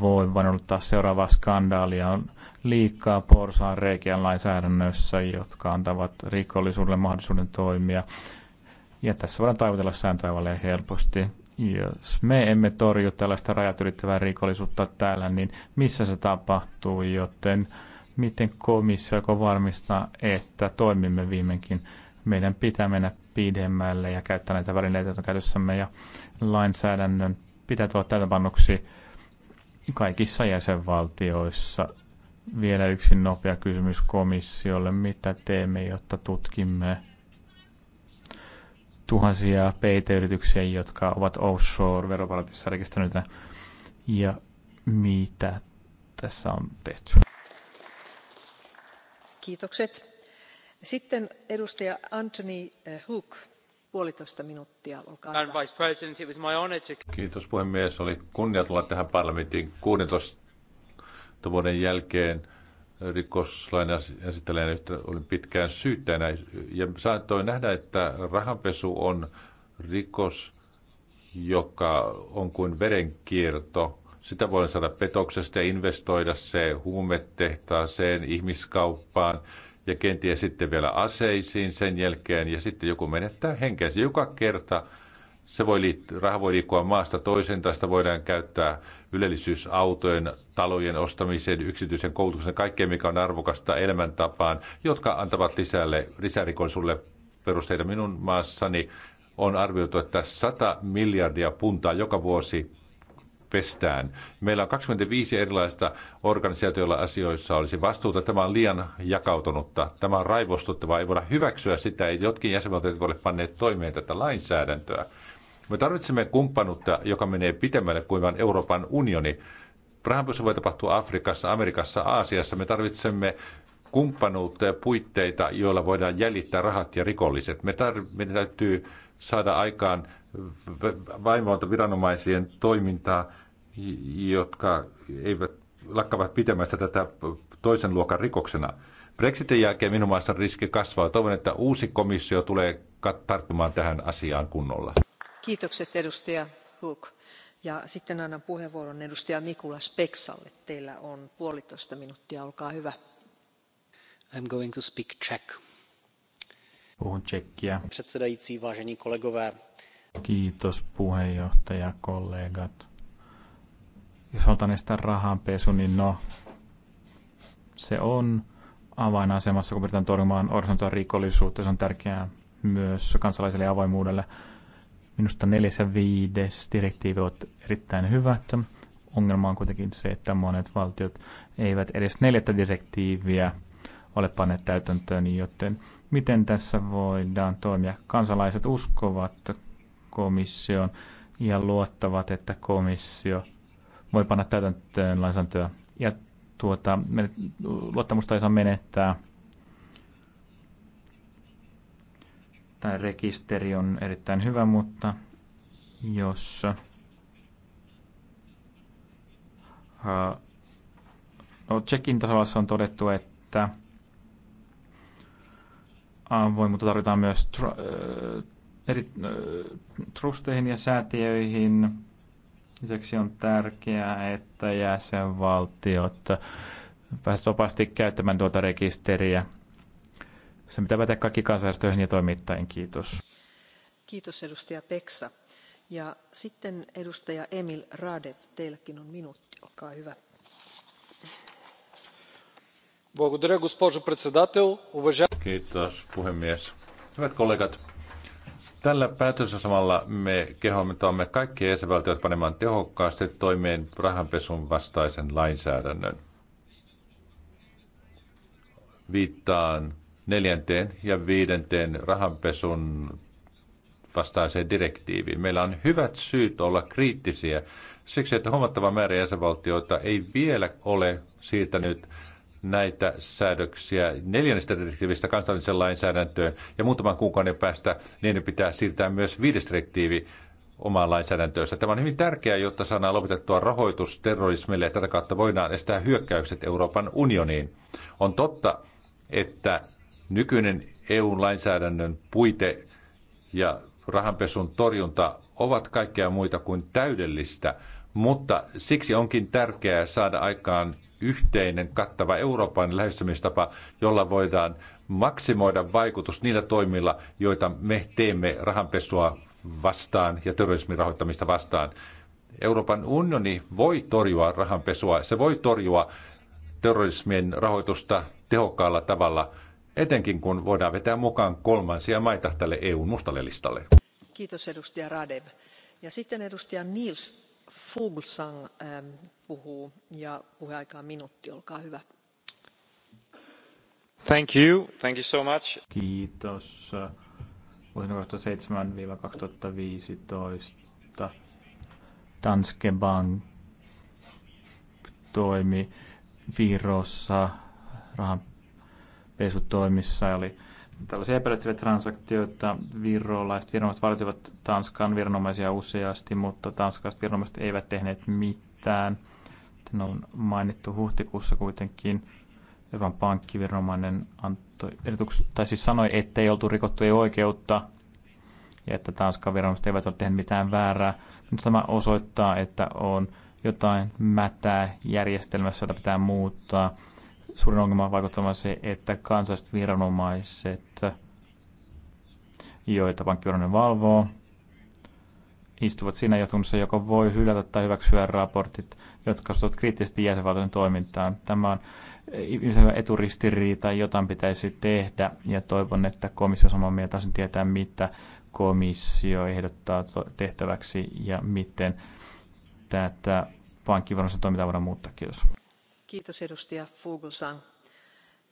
[SPEAKER 3] voi vain odottaa seuraavaa skandaalia. On liikaa porsaan reikiä lainsäädännössä, jotka antavat rikollisuudelle mahdollisuuden toimia. Ja tässä voidaan taivutella sääntöä helposti jos me emme torju tällaista rajat ylittävää rikollisuutta täällä, niin missä se tapahtuu, joten miten komissio joko varmistaa, että toimimme viimeinkin. Meidän pitää mennä pidemmälle ja käyttää näitä välineitä, joita käytössämme ja lainsäädännön pitää tulla täytäpannuksi kaikissa jäsenvaltioissa. Vielä yksi nopea kysymys komissiolle. Mitä teemme, jotta tutkimme tuhansia PT-yrityksiä, jotka ovat offshore-veroparatissa rekisteröityä. Ja mitä tässä on tehty?
[SPEAKER 2] Kiitokset. Sitten edustaja Anthony eh, Hook, puolitoista minuuttia,
[SPEAKER 1] olkaa hyvä. Kiitos puhemies, oli kunnia tulla tähän parlamentin 16 vuoden jälkeen rikoslain esittelijänä yhtä, olin pitkään syyttäjänä ja saattoi nähdä, että rahanpesu on rikos, joka on kuin verenkierto. Sitä voidaan saada petoksesta ja investoida se huumetehtaaseen, ihmiskauppaan ja kenties sitten vielä aseisiin sen jälkeen ja sitten joku menettää henkensä. Joka kerta se voi liittyä, raha voi liikkua maasta toiseen, tästä voidaan käyttää ylellisyysautojen, talojen ostamiseen, yksityisen koulutuksen, kaikkeen mikä on arvokasta elämäntapaan, jotka antavat lisälle, lisärikollisuudelle perusteita. Minun maassani on arvioitu, että 100 miljardia puntaa joka vuosi pestään. Meillä on 25 erilaista organisaatioilla asioissa olisi vastuuta. Tämä on liian jakautunutta. Tämä on raivostuttavaa. Ei voida hyväksyä sitä. Jotkin jäsenvaltiot voivat ole panneet toimeen tätä lainsäädäntöä. Me tarvitsemme kumppanuutta, joka menee pitemmälle kuin vain Euroopan unioni. Rahanpesu voi tapahtua Afrikassa, Amerikassa, Aasiassa. Me tarvitsemme kumppanuutta ja puitteita, joilla voidaan jäljittää rahat ja rikolliset. Me, tar- me täytyy saada aikaan vaimolta viranomaisien toimintaa, jotka eivät lakkavat pitämästä tätä toisen luokan rikoksena. Brexitin jälkeen minun maassa riski kasvaa. Toivon, että uusi komissio tulee tarttumaan tähän asiaan kunnolla
[SPEAKER 2] kiitokset edustaja hook ja sitten annan puheenvuoron edustaja Mikula Speksalle. Teillä on puolitoista minuuttia, olkaa hyvä.
[SPEAKER 3] I'm going to speak Czech. Puhun tsekkiä. Předsedající, vážení kolegové. Kiitos puheenjohtaja, kollegat. Jos halutaan estää rahanpesu, niin no, se on avainasemassa, kun pyritään torjumaan organisoitua rikollisuutta. Se on tärkeää myös kansalaiselle ja avoimuudelle. Minusta neljäs ja viides direktiivi ovat erittäin hyvät. Ongelma on kuitenkin se, että monet valtiot eivät edes neljättä direktiiviä ole panneet täytäntöön, joten miten tässä voidaan toimia? Kansalaiset uskovat komission ja luottavat, että komissio voi panna täytäntöön lainsäädäntöä. Ja tuota, luottamusta ei saa menettää. tämä rekisteri on erittäin hyvä, mutta jos no, checkin tasolla on todettu, että mutta tarvitaan myös tr- eri trusteihin ja säätiöihin. Lisäksi on tärkeää, että jäsenvaltiot pääsevät vapaasti käyttämään tuota rekisteriä se mitä pätee kaikki kansanjärjestöihin ja toimittajien. Kiitos.
[SPEAKER 2] Kiitos edustaja Peksa. Ja sitten edustaja Emil Radev, teilläkin on minuutti, olkaa hyvä.
[SPEAKER 1] Kiitos puhemies. Hyvät kollegat, Tällä päätösasemalla me kehoamme kaikki jäsenvaltiot panemaan tehokkaasti toimeen rahanpesun vastaisen lainsäädännön. Viittaan neljänteen ja viidenteen rahanpesun vastaiseen direktiiviin. Meillä on hyvät syyt olla kriittisiä siksi, että huomattava määrä jäsenvaltioita ei vielä ole siirtänyt näitä säädöksiä neljännestä direktiivistä kansalliseen lainsäädäntöön ja muutaman kuukauden päästä niin pitää siirtää myös viides direktiivi omaan lainsäädäntöönsä. Tämä on hyvin tärkeää, jotta saadaan lopetettua rahoitus terrorismille ja tätä kautta voidaan estää hyökkäykset Euroopan unioniin. On totta, että Nykyinen EU-lainsäädännön puite ja rahanpesun torjunta ovat kaikkea muita kuin täydellistä, mutta siksi onkin tärkeää saada aikaan yhteinen kattava Euroopan lähestymistapa, jolla voidaan maksimoida vaikutus niillä toimilla, joita me teemme rahanpesua vastaan ja terrorismin rahoittamista vastaan. Euroopan unioni voi torjua rahanpesua, se voi torjua terrorismin rahoitusta tehokkaalla tavalla, etenkin kun voidaan vetää mukaan kolmansia maita tälle EUn mustalle listalle.
[SPEAKER 2] Kiitos edustaja Radev. Ja sitten edustaja Niels Fuglsang ähm, puhuu ja puheaika on minuutti, olkaa hyvä.
[SPEAKER 3] Thank you. Thank you so much. Kiitos. Vuosina 2007-2015 Danske Bank toimi Virossa rahan pesutoimissa ja oli tällaisia epäilyttäviä transaktioita. Virolaiset viranomaiset valitivat Tanskan viranomaisia useasti, mutta tanskalaiset viranomaiset eivät tehneet mitään. Ne on mainittu huhtikuussa kuitenkin. Euroopan pankkiviranomainen antoi erityks, tai siis sanoi, ettei oltu rikottu ei oikeutta ja että Tanskan viranomaiset eivät ole tehneet mitään väärää. Nyt tämä osoittaa, että on jotain mätää järjestelmässä, jota pitää muuttaa suurin ongelma vaikuttaa on se, että kansalliset viranomaiset, joita pankkiviranomainen valvoo, istuvat siinä johtunnassa, joka voi hylätä tai hyväksyä raportit, jotka koskevat kriittisesti jäsenvaltioiden toimintaa. Tämä on eturistiriita, jotain pitäisi tehdä, ja toivon, että komissio samaa mieltä sen tietää, mitä komissio ehdottaa tehtäväksi ja miten tätä pankkivaroisen toimintaa voidaan muuttaa. Kiitos
[SPEAKER 2] kiitos edustaja Fuglsang.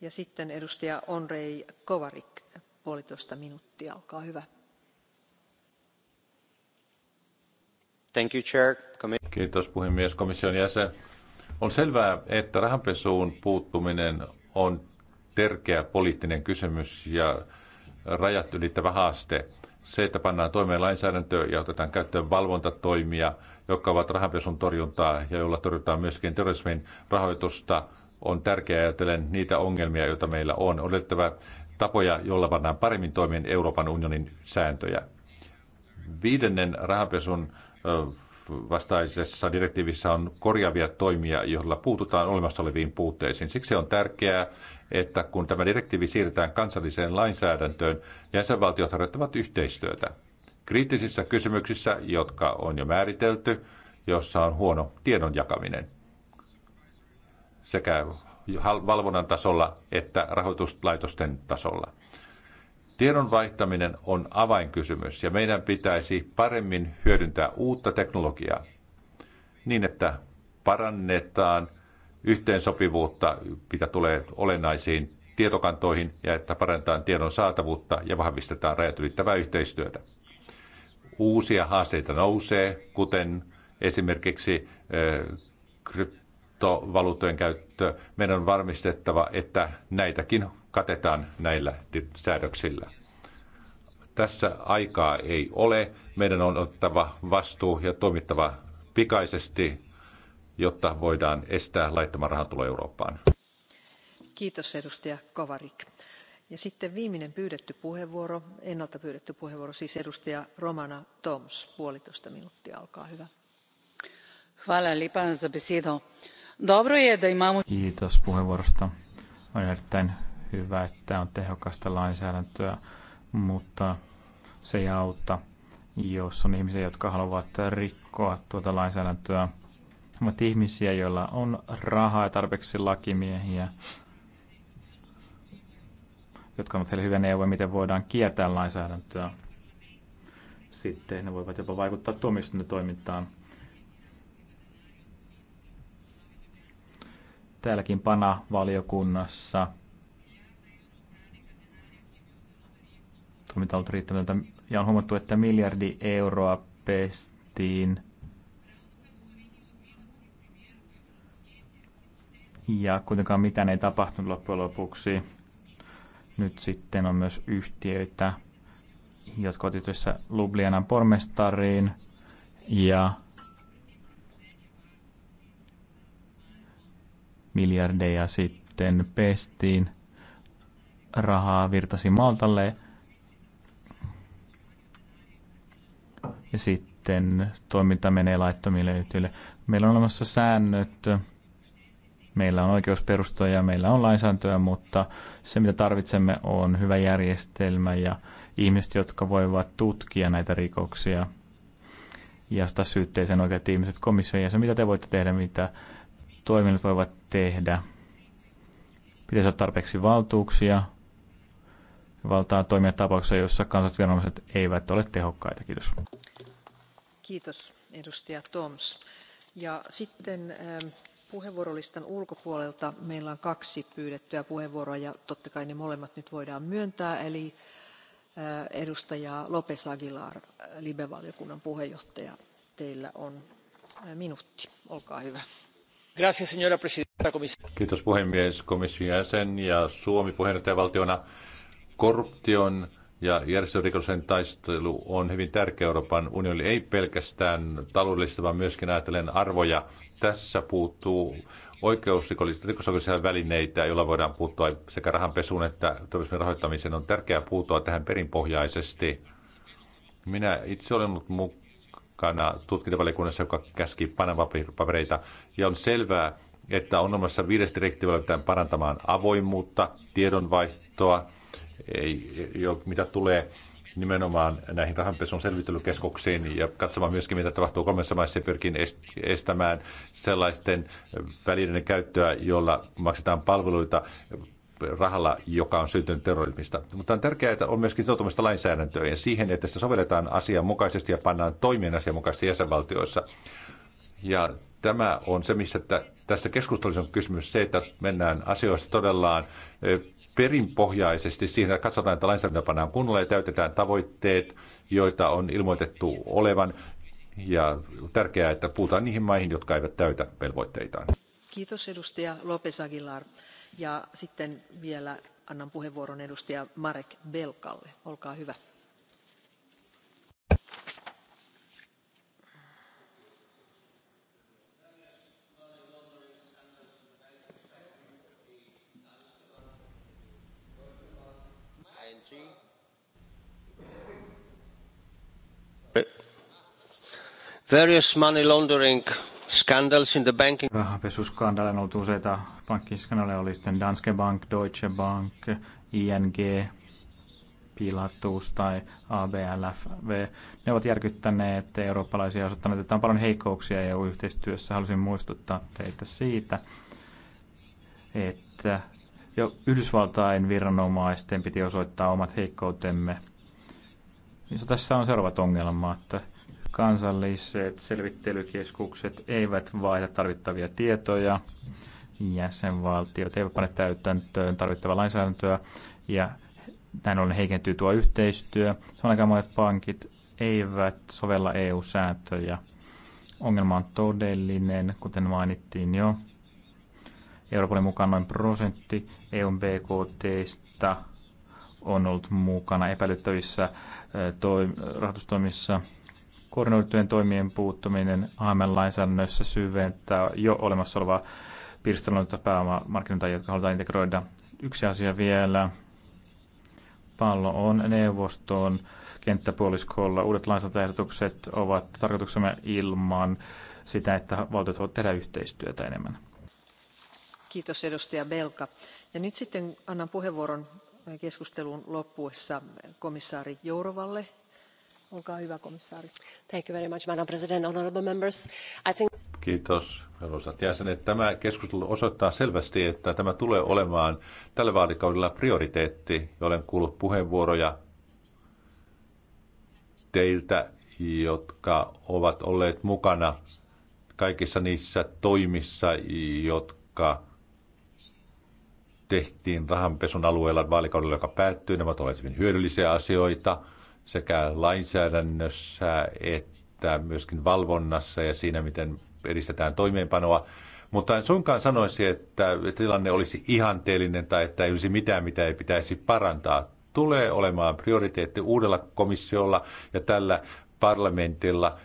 [SPEAKER 2] Ja sitten edustaja Kovarik, minuuttia, hyvä.
[SPEAKER 1] Thank you, Chair. Kiitos puhemies, komission jäsen. On selvää, että rahanpesuun puuttuminen on tärkeä poliittinen kysymys ja rajat ylittävä haaste. Se, että pannaan toimeen lainsäädäntö ja otetaan käyttöön valvontatoimia – jotka ovat rahanpesun torjuntaa ja joilla torjutaan myöskin terrorismin rahoitusta, on tärkeää ajatellen niitä ongelmia, joita meillä on. On löydettävä tapoja, joilla pannaan paremmin toimien Euroopan unionin sääntöjä. Viidennen rahanpesun vastaisessa direktiivissä on korjaavia toimia, joilla puututaan olemassa oleviin puutteisiin. Siksi on tärkeää, että kun tämä direktiivi siirretään kansalliseen lainsäädäntöön, jäsenvaltiot harjoittavat yhteistyötä kriittisissä kysymyksissä, jotka on jo määritelty, jossa on huono tiedon jakaminen sekä valvonnan tasolla että rahoituslaitosten tasolla. Tiedon vaihtaminen on avainkysymys ja meidän pitäisi paremmin hyödyntää uutta teknologiaa niin, että parannetaan yhteensopivuutta, mitä tulee olennaisiin tietokantoihin ja että parannetaan tiedon saatavuutta ja vahvistetaan rajat ylittävää yhteistyötä uusia haasteita nousee, kuten esimerkiksi kryptovaluuttojen käyttö. Meidän on varmistettava, että näitäkin katetaan näillä säädöksillä. Tässä aikaa ei ole. Meidän on ottava vastuu ja toimittava pikaisesti, jotta voidaan estää laittoman rahan tulo Eurooppaan.
[SPEAKER 2] Kiitos edustaja Kovarik. Ja sitten viimeinen pyydetty puheenvuoro, ennalta pyydetty puheenvuoro, siis edustaja Romana Toms, puolitoista minuuttia, olkaa hyvä.
[SPEAKER 3] Kiitos puheenvuorosta. On erittäin hyvä, että on tehokasta lainsäädäntöä, mutta se ei auta, jos on ihmisiä, jotka haluavat rikkoa tuota lainsäädäntöä. Ovat ihmisiä, joilla on rahaa ja tarpeeksi lakimiehiä, jotka ovat heille hyviä neuvoja, miten voidaan kiertää lainsäädäntöä. Sitten ne voivat jopa vaikuttaa tuomioistuinten toimintaan. Täälläkin PANA-valiokunnassa toiminta on ollut riittämätöntä ja on huomattu, että miljardi euroa pestiin – ja kuitenkaan mitään ei tapahtunut loppujen lopuksi. Nyt sitten on myös yhtiöitä, jotka ovat yhteydessä Lublianan pormestariin ja miljardeja sitten pestiin. Rahaa virtasi Maltalle ja sitten toiminta menee laittomille yhtiöille. Meillä on olemassa säännöt Meillä on oikeusperustoja meillä on lainsäädäntöä, mutta se mitä tarvitsemme on hyvä järjestelmä ja ihmiset, jotka voivat tutkia näitä rikoksia ja sitä syytteeseen oikeat ihmiset Ja Se, Mitä te voitte tehdä, mitä toiminnot voivat tehdä? Pitäisi olla tarpeeksi valtuuksia, valtaa toimia tapauksessa, jossa kansallisviranomaiset eivät ole tehokkaita. Kiitos.
[SPEAKER 2] Kiitos, edustaja Toms. Ja sitten ähm, puheenvuorolistan ulkopuolelta meillä on kaksi pyydettyä puheenvuoroa ja totta kai ne molemmat nyt voidaan myöntää eli edustaja Lopes Aguilar, Libe-valiokunnan puheenjohtaja, teillä on
[SPEAKER 3] minuutti. Olkaa hyvä.
[SPEAKER 1] Kiitos puhemies, komission jäsen ja Suomi puheenjohtajavaltiona. Korruption ja järjestörikollisen taistelu on hyvin tärkeä Euroopan unionille, ei pelkästään taloudellista, vaan myöskin ajatellen arvoja. Tässä puuttuu oikeusrikollisia välineitä, joilla voidaan puuttua sekä rahanpesuun että terrorismin rahoittamiseen. On tärkeää puuttua tähän perinpohjaisesti. Minä itse olen ollut mukana tutkintavaliokunnassa, joka käski panama ja on selvää, että on olemassa viides direktiivillä parantamaan avoimuutta, tiedonvaihtoa, ei, mitä tulee nimenomaan näihin rahanpesun selvittelykeskuksiin ja katsomaan myöskin, mitä tapahtuu kolmessa maissa ja pyrkii estämään sellaisten välineiden käyttöä, jolla maksetaan palveluita rahalla, joka on syntynyt terrorismista. Mutta on tärkeää, että on myöskin sitoutumista lainsäädäntöön ja siihen, että sitä sovelletaan asianmukaisesti ja pannaan toimien asianmukaisesti jäsenvaltioissa. Ja tämä on se, missä tässä keskustelussa on kysymys se, että mennään asioista todellaan perinpohjaisesti siinä, että katsotaan, että lainsäädäntö pannaan kunnolla ja täytetään tavoitteet, joita on ilmoitettu olevan. Ja tärkeää, että puhutaan niihin maihin, jotka eivät täytä velvoitteitaan.
[SPEAKER 2] Kiitos edustaja Lopes Aguilar. Ja sitten vielä annan puheenvuoron edustaja Marek Belkalle. Olkaa hyvä.
[SPEAKER 1] Various
[SPEAKER 3] Rahanpesuskandaaleja on ollut useita pankkiskandaaleja, oli sitten Danske Bank, Deutsche Bank, ING, Pilatus tai ABLFV. Ne ovat järkyttäneet eurooppalaisia osoittaneet, että on paljon heikkouksia EU-yhteistyössä. Haluaisin muistuttaa teitä siitä, että jo Yhdysvaltain viranomaisten piti osoittaa omat heikkoutemme. Ja niin tässä on seuraavat ongelmat. Kansalliset selvittelykeskukset eivät vaihda tarvittavia tietoja, jäsenvaltiot eivät pane täytäntöön tarvittavaa lainsäädäntöä ja näin ollen heikentyy tuo yhteistyö. Samaan aikaan monet pankit eivät sovella EU-sääntöjä. Ongelma on todellinen, kuten mainittiin jo. Euroopan mukaan noin prosentti EUn BKTstä on ollut mukana epäilyttävissä toi, rahoitustoimissa koordinoitujen toimien puuttuminen AML-lainsäädännössä syventää jo olemassa olevaa pirstaloinnutta pääomamarkkinoita, jotka halutaan integroida. Yksi asia vielä. Pallo on neuvostoon kenttäpuoliskolla. Uudet lainsäädäntöehdotukset ovat tarkoituksemme ilman sitä, että valtiot voivat tehdä yhteistyötä enemmän.
[SPEAKER 2] Kiitos edustaja Belka. Ja nyt sitten annan puheenvuoron keskustelun loppuessa komissaari Jourovalle madam president honourable members i think.
[SPEAKER 1] Kiitos, arvoisat jäsenet. Tämä keskustelu osoittaa selvästi, että tämä tulee olemaan tällä vaalikaudella prioriteetti. Olen kuullut puheenvuoroja teiltä, jotka ovat olleet mukana kaikissa niissä toimissa, jotka tehtiin rahanpesun alueella vaalikaudella, joka päättyy. Nämä ovat olleet hyvin hyödyllisiä asioita – sekä lainsäädännössä että myöskin valvonnassa ja siinä, miten edistetään toimeenpanoa. Mutta en suinkaan sanoisi, että tilanne olisi ihanteellinen tai että ei olisi mitään, mitä ei pitäisi parantaa. Tulee olemaan prioriteetti uudella komissiolla ja tällä parlamentilla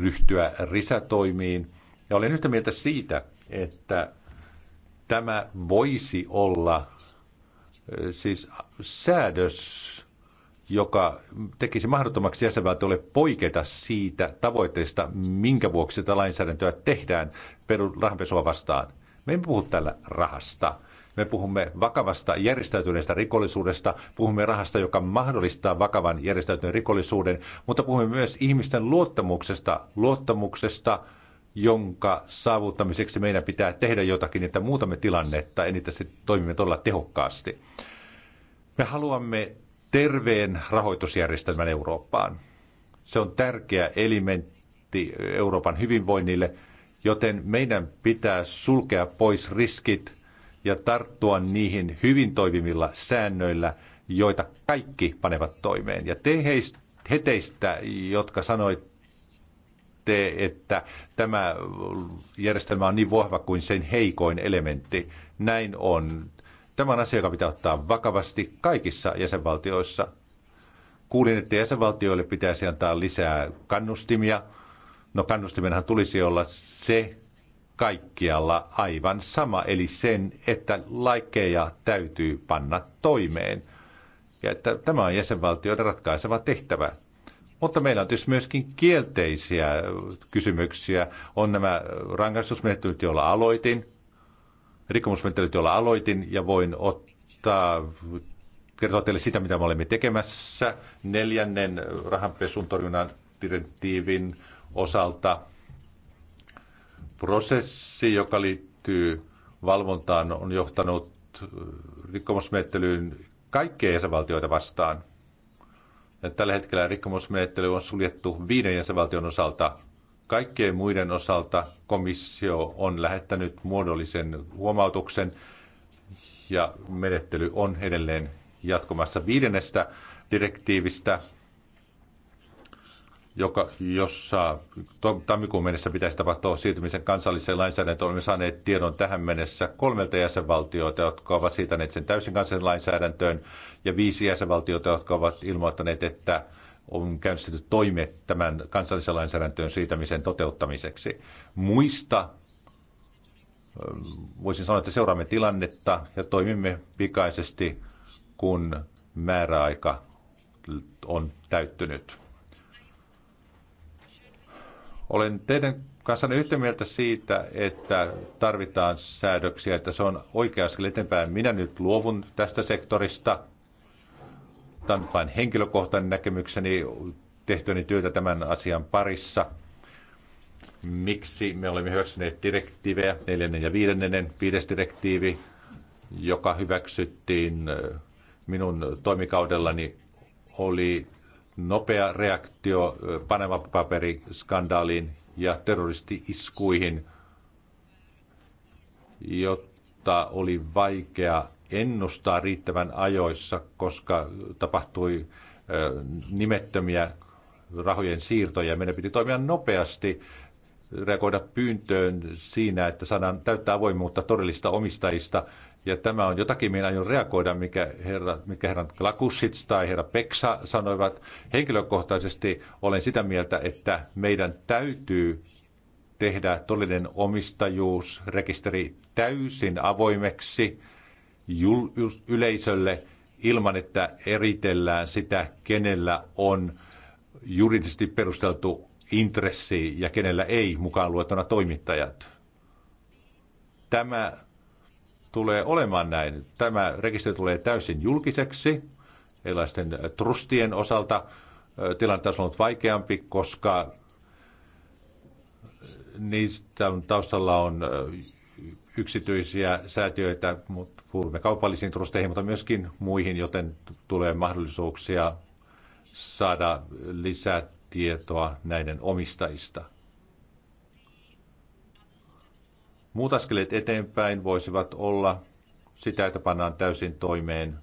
[SPEAKER 1] ryhtyä risätoimiin. Ja olen yhtä mieltä siitä, että tämä voisi olla siis säädös joka tekisi mahdottomaksi jäsenvaltiolle poiketa siitä tavoitteesta, minkä vuoksi sitä lainsäädäntöä tehdään rahanpesua vastaan. Me emme puhu tällä rahasta. Me puhumme vakavasta järjestäytyneestä rikollisuudesta, puhumme rahasta, joka mahdollistaa vakavan järjestäytyneen rikollisuuden, mutta puhumme myös ihmisten luottamuksesta, luottamuksesta, jonka saavuttamiseksi meidän pitää tehdä jotakin, että muutamme tilannetta ja niitä se toimimme todella tehokkaasti. Me haluamme terveen rahoitusjärjestelmän Eurooppaan. Se on tärkeä elementti Euroopan hyvinvoinnille, joten meidän pitää sulkea pois riskit ja tarttua niihin hyvin toimivilla säännöillä, joita kaikki panevat toimeen. Ja te heistä, he teistä, jotka sanoitte, että tämä järjestelmä on niin vahva kuin sen heikoin elementti, näin on. Tämä on asia, joka pitää ottaa vakavasti kaikissa jäsenvaltioissa. Kuulin, että jäsenvaltioille pitäisi antaa lisää kannustimia. No kannustimenhan tulisi olla se kaikkialla aivan sama, eli sen, että laikeja täytyy panna toimeen. Ja että tämä on jäsenvaltioiden ratkaiseva tehtävä. Mutta meillä on tietysti myöskin kielteisiä kysymyksiä. On nämä rangaistusmenettelyt, joilla aloitin rikkomusmenettelyt, joilla aloitin, ja voin ottaa kertoa teille sitä, mitä me olemme tekemässä neljännen rahanpesun torjunnan direktiivin osalta. Prosessi, joka liittyy valvontaan, on johtanut rikkomusmenettelyyn kaikkia jäsenvaltioita vastaan. Ja tällä hetkellä rikkomusmenettely on suljettu viiden jäsenvaltion osalta Kaikkien muiden osalta komissio on lähettänyt muodollisen huomautuksen ja menettely on edelleen jatkumassa viidennestä direktiivistä, joka, jossa tammikuun mennessä pitäisi tapahtua siirtymisen kansalliseen lainsäädäntöön. Olemme saaneet tiedon tähän mennessä kolmelta jäsenvaltiota, jotka ovat siirtäneet sen täysin kansalliseen lainsäädäntöön, ja viisi jäsenvaltiota, jotka ovat ilmoittaneet, että on käynnistetty toimet tämän kansallisen lainsäädäntöön siirtämisen toteuttamiseksi. Muista voisin sanoa, että seuraamme tilannetta ja toimimme pikaisesti, kun määräaika on täyttynyt. Olen teidän kanssanne yhtä mieltä siitä, että tarvitaan säädöksiä, että se on oikea askel eteenpäin. Minä nyt luovun tästä sektorista Tämä vain henkilökohtainen näkemykseni tehtyäni työtä tämän asian parissa. Miksi me olemme hyväksyneet direktiivejä, neljännen ja viidennen, viides direktiivi, joka hyväksyttiin minun toimikaudellani, oli nopea reaktio Panama-paperiskandaaliin ja terroristi-iskuihin, jotta oli vaikea ennustaa riittävän ajoissa, koska tapahtui nimettömiä rahojen siirtoja. Meidän piti toimia nopeasti, reagoida pyyntöön siinä, että saadaan täyttää avoimuutta todellista omistajista. Ja tämä on jotakin, minä aion reagoida, mikä herra, mikä herra Klakusits tai herra Peksa sanoivat. Henkilökohtaisesti olen sitä mieltä, että meidän täytyy tehdä todellinen omistajuusrekisteri täysin avoimeksi yleisölle ilman, että eritellään sitä, kenellä on juridisesti perusteltu intressi ja kenellä ei, mukaan luettuna toimittajat. Tämä tulee olemaan näin. Tämä rekisteri tulee täysin julkiseksi erilaisten trustien osalta. Tilanne on ollut vaikeampi, koska niistä taustalla on yksityisiä säätiöitä, mutta Kuulumme kaupallisiin turisteihin, mutta myöskin muihin, joten tulee mahdollisuuksia saada lisää tietoa näiden omistajista. Muut askeleet eteenpäin voisivat olla sitä, että pannaan täysin toimeen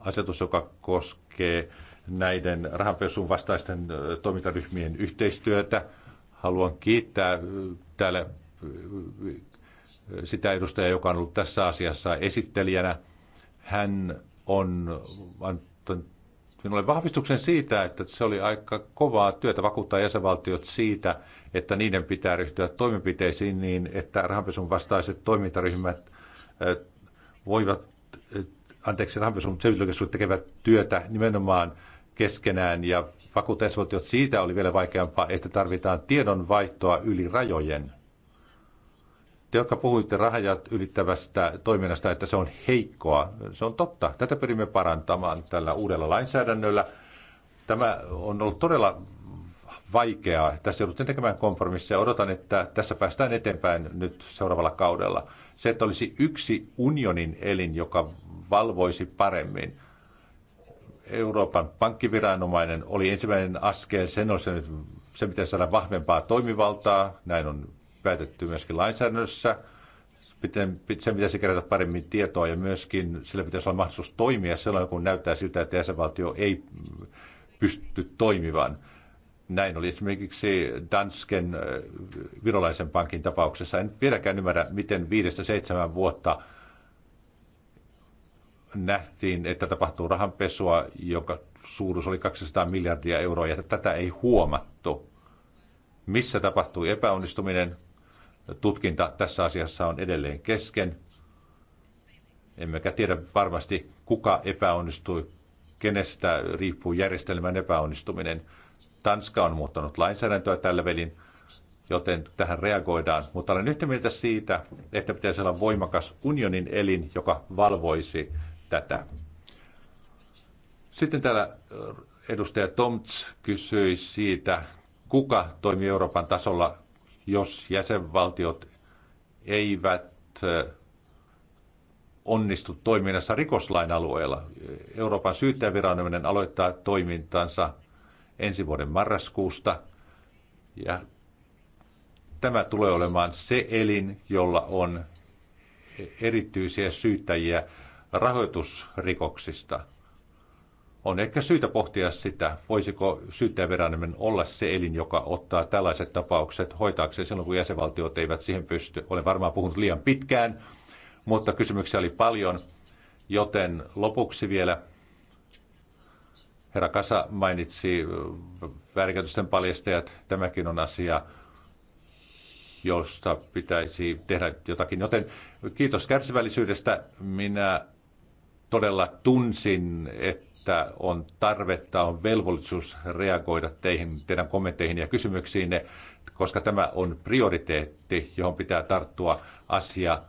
[SPEAKER 1] asetus, joka koskee näiden rahanpesun vastaisten toimintaryhmien yhteistyötä. Haluan kiittää täällä sitä edustajaa, joka on ollut tässä asiassa esittelijänä. Hän on antanut minulle vahvistuksen siitä, että se oli aika kovaa työtä vakuuttaa jäsenvaltiot siitä, että niiden pitää ryhtyä toimenpiteisiin niin, että rahanpesun vastaiset toimintaryhmät voivat, anteeksi, rahanpesun selvitykset tekevät työtä nimenomaan keskenään ja vakuuttaa jäsenvaltiot siitä oli vielä vaikeampaa, että tarvitaan tiedonvaihtoa yli rajojen te, jotka puhuitte rahajat ylittävästä toiminnasta, että se on heikkoa, se on totta. Tätä pyrimme parantamaan tällä uudella lainsäädännöllä. Tämä on ollut todella vaikeaa. Tässä joudutte tekemään kompromisseja. Odotan, että tässä päästään eteenpäin nyt seuraavalla kaudella. Se, että olisi yksi unionin elin, joka valvoisi paremmin. Euroopan pankkiviranomainen oli ensimmäinen askel. Sen olisi nyt, se pitäisi saada vahvempaa toimivaltaa. Näin on päätetty myöskin lainsäädännössä. Sen pitäisi kerätä paremmin tietoa ja myöskin sillä pitäisi olla mahdollisuus toimia silloin, kun näyttää siltä, että jäsenvaltio ei pysty toimivan. Näin oli esimerkiksi Dansken äh, virolaisen pankin tapauksessa. En vieläkään ymmärrä, miten viidestä seitsemän vuotta nähtiin, että tapahtuu rahanpesua, joka suuruus oli 200 miljardia euroa, ja tätä ei huomattu. Missä tapahtui epäonnistuminen? tutkinta tässä asiassa on edelleen kesken. Emmekä tiedä varmasti, kuka epäonnistui, kenestä riippuu järjestelmän epäonnistuminen. Tanska on muuttanut lainsäädäntöä tällä velin, joten tähän reagoidaan. Mutta olen yhtä mieltä siitä, että pitäisi olla voimakas unionin elin, joka valvoisi tätä. Sitten täällä edustaja Tomts kysyi siitä, kuka toimii Euroopan tasolla jos jäsenvaltiot eivät eh, onnistu toiminnassa rikoslain alueella. Euroopan syyttäjäviranomainen aloittaa toimintansa ensi vuoden marraskuusta ja tämä tulee olemaan se elin, jolla on e-, erityisiä syyttäjiä rahoitusrikoksista – on ehkä syytä pohtia sitä, voisiko syyttäjäviranomainen olla se elin, joka ottaa tällaiset tapaukset hoitaakseen silloin, kun jäsenvaltiot eivät siihen pysty. Olen varmaan puhunut liian pitkään, mutta kysymyksiä oli paljon, joten lopuksi vielä herra Kasa mainitsi äh, väärinkäytösten paljastajat. Tämäkin on asia, josta pitäisi tehdä jotakin. Joten kiitos kärsivällisyydestä. Minä todella tunsin, että että on tarvetta, on velvollisuus reagoida teihin, teidän kommentteihin ja kysymyksiinne, koska tämä on prioriteetti, johon pitää tarttua asia,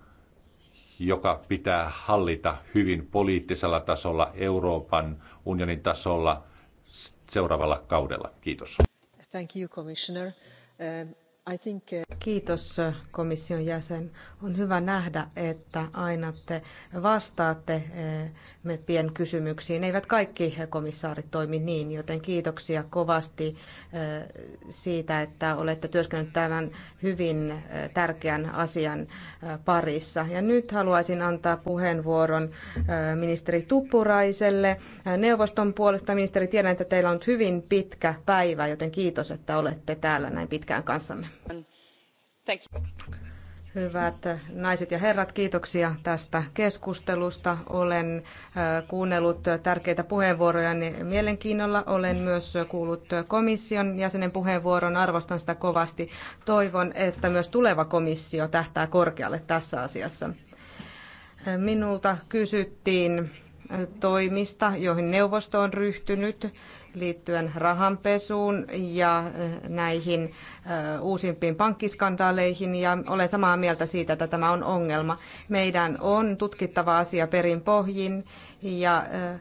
[SPEAKER 1] joka pitää hallita hyvin poliittisella tasolla, Euroopan unionin tasolla seuraavalla kaudella. Kiitos.
[SPEAKER 4] Thank you, Commissioner. Um... Uh, kiitos uh, komission jäsen. On hyvä nähdä, että aina te vastaatte uh, MEPien kysymyksiin. Eivät kaikki komissaarit toimi niin, joten kiitoksia kovasti siitä, että olette työskennellyt tämän hyvin tärkeän asian parissa. Ja nyt haluaisin antaa puheenvuoron ministeri Tuppuraiselle. Neuvoston puolesta ministeri, tiedän, että teillä on hyvin pitkä päivä, joten kiitos, että olette täällä näin pitkään kanssamme. Hyvät naiset ja herrat, kiitoksia tästä keskustelusta. Olen äh, kuunnellut tärkeitä puheenvuoroja niin mielenkiinnolla. Olen myös kuullut komission jäsenen puheenvuoron, arvostan sitä kovasti. Toivon, että myös tuleva komissio tähtää korkealle tässä asiassa. Minulta kysyttiin toimista, joihin neuvosto on ryhtynyt liittyen rahanpesuun ja eh, näihin eh, uusimpiin pankkiskandaaleihin ja olen samaa mieltä siitä, että tämä on ongelma. Meidän on tutkittava asia perin pohjin ja eh,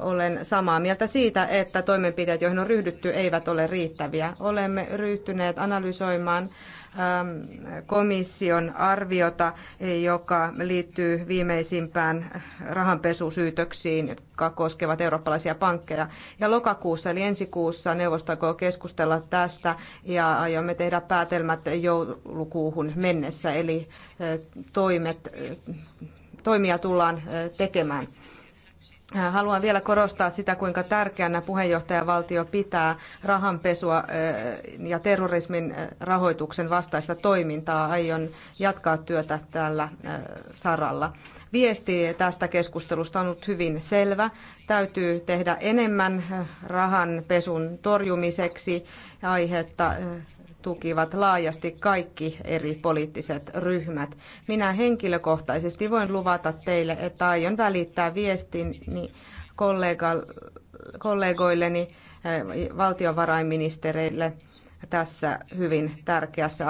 [SPEAKER 4] olen samaa mieltä siitä, että toimenpiteet, joihin on ryhdytty, eivät ole riittäviä. Olemme ryhtyneet analysoimaan Ähm, komission arviota, joka liittyy viimeisimpään rahanpesusyytöksiin, jotka koskevat eurooppalaisia pankkeja. Ja lokakuussa, eli ensi kuussa, neuvosto aikoo keskustella tästä ja aiomme tehdä päätelmät joulukuuhun mennessä, eli äh, toimet, äh, toimia tullaan äh, tekemään. Äh, haluan vielä korostaa sitä, kuinka tärkeänä puheenjohtajavaltio pitää rahanpesua äh, ja terrorismin äh, rahoituksen vastaista toimintaa. Aion jatkaa työtä tällä saralla. Viesti tästä keskustelusta on ollut hyvin selvä. Täytyy tehdä enemmän rahanpesun torjumiseksi. Aihetta tukivat laajasti kaikki eri poliittiset ryhmät. Minä henkilökohtaisesti voin luvata teille, että aion välittää viestin kollegoilleni eh, valtiovarainministereille tässä hyvin tärkeässä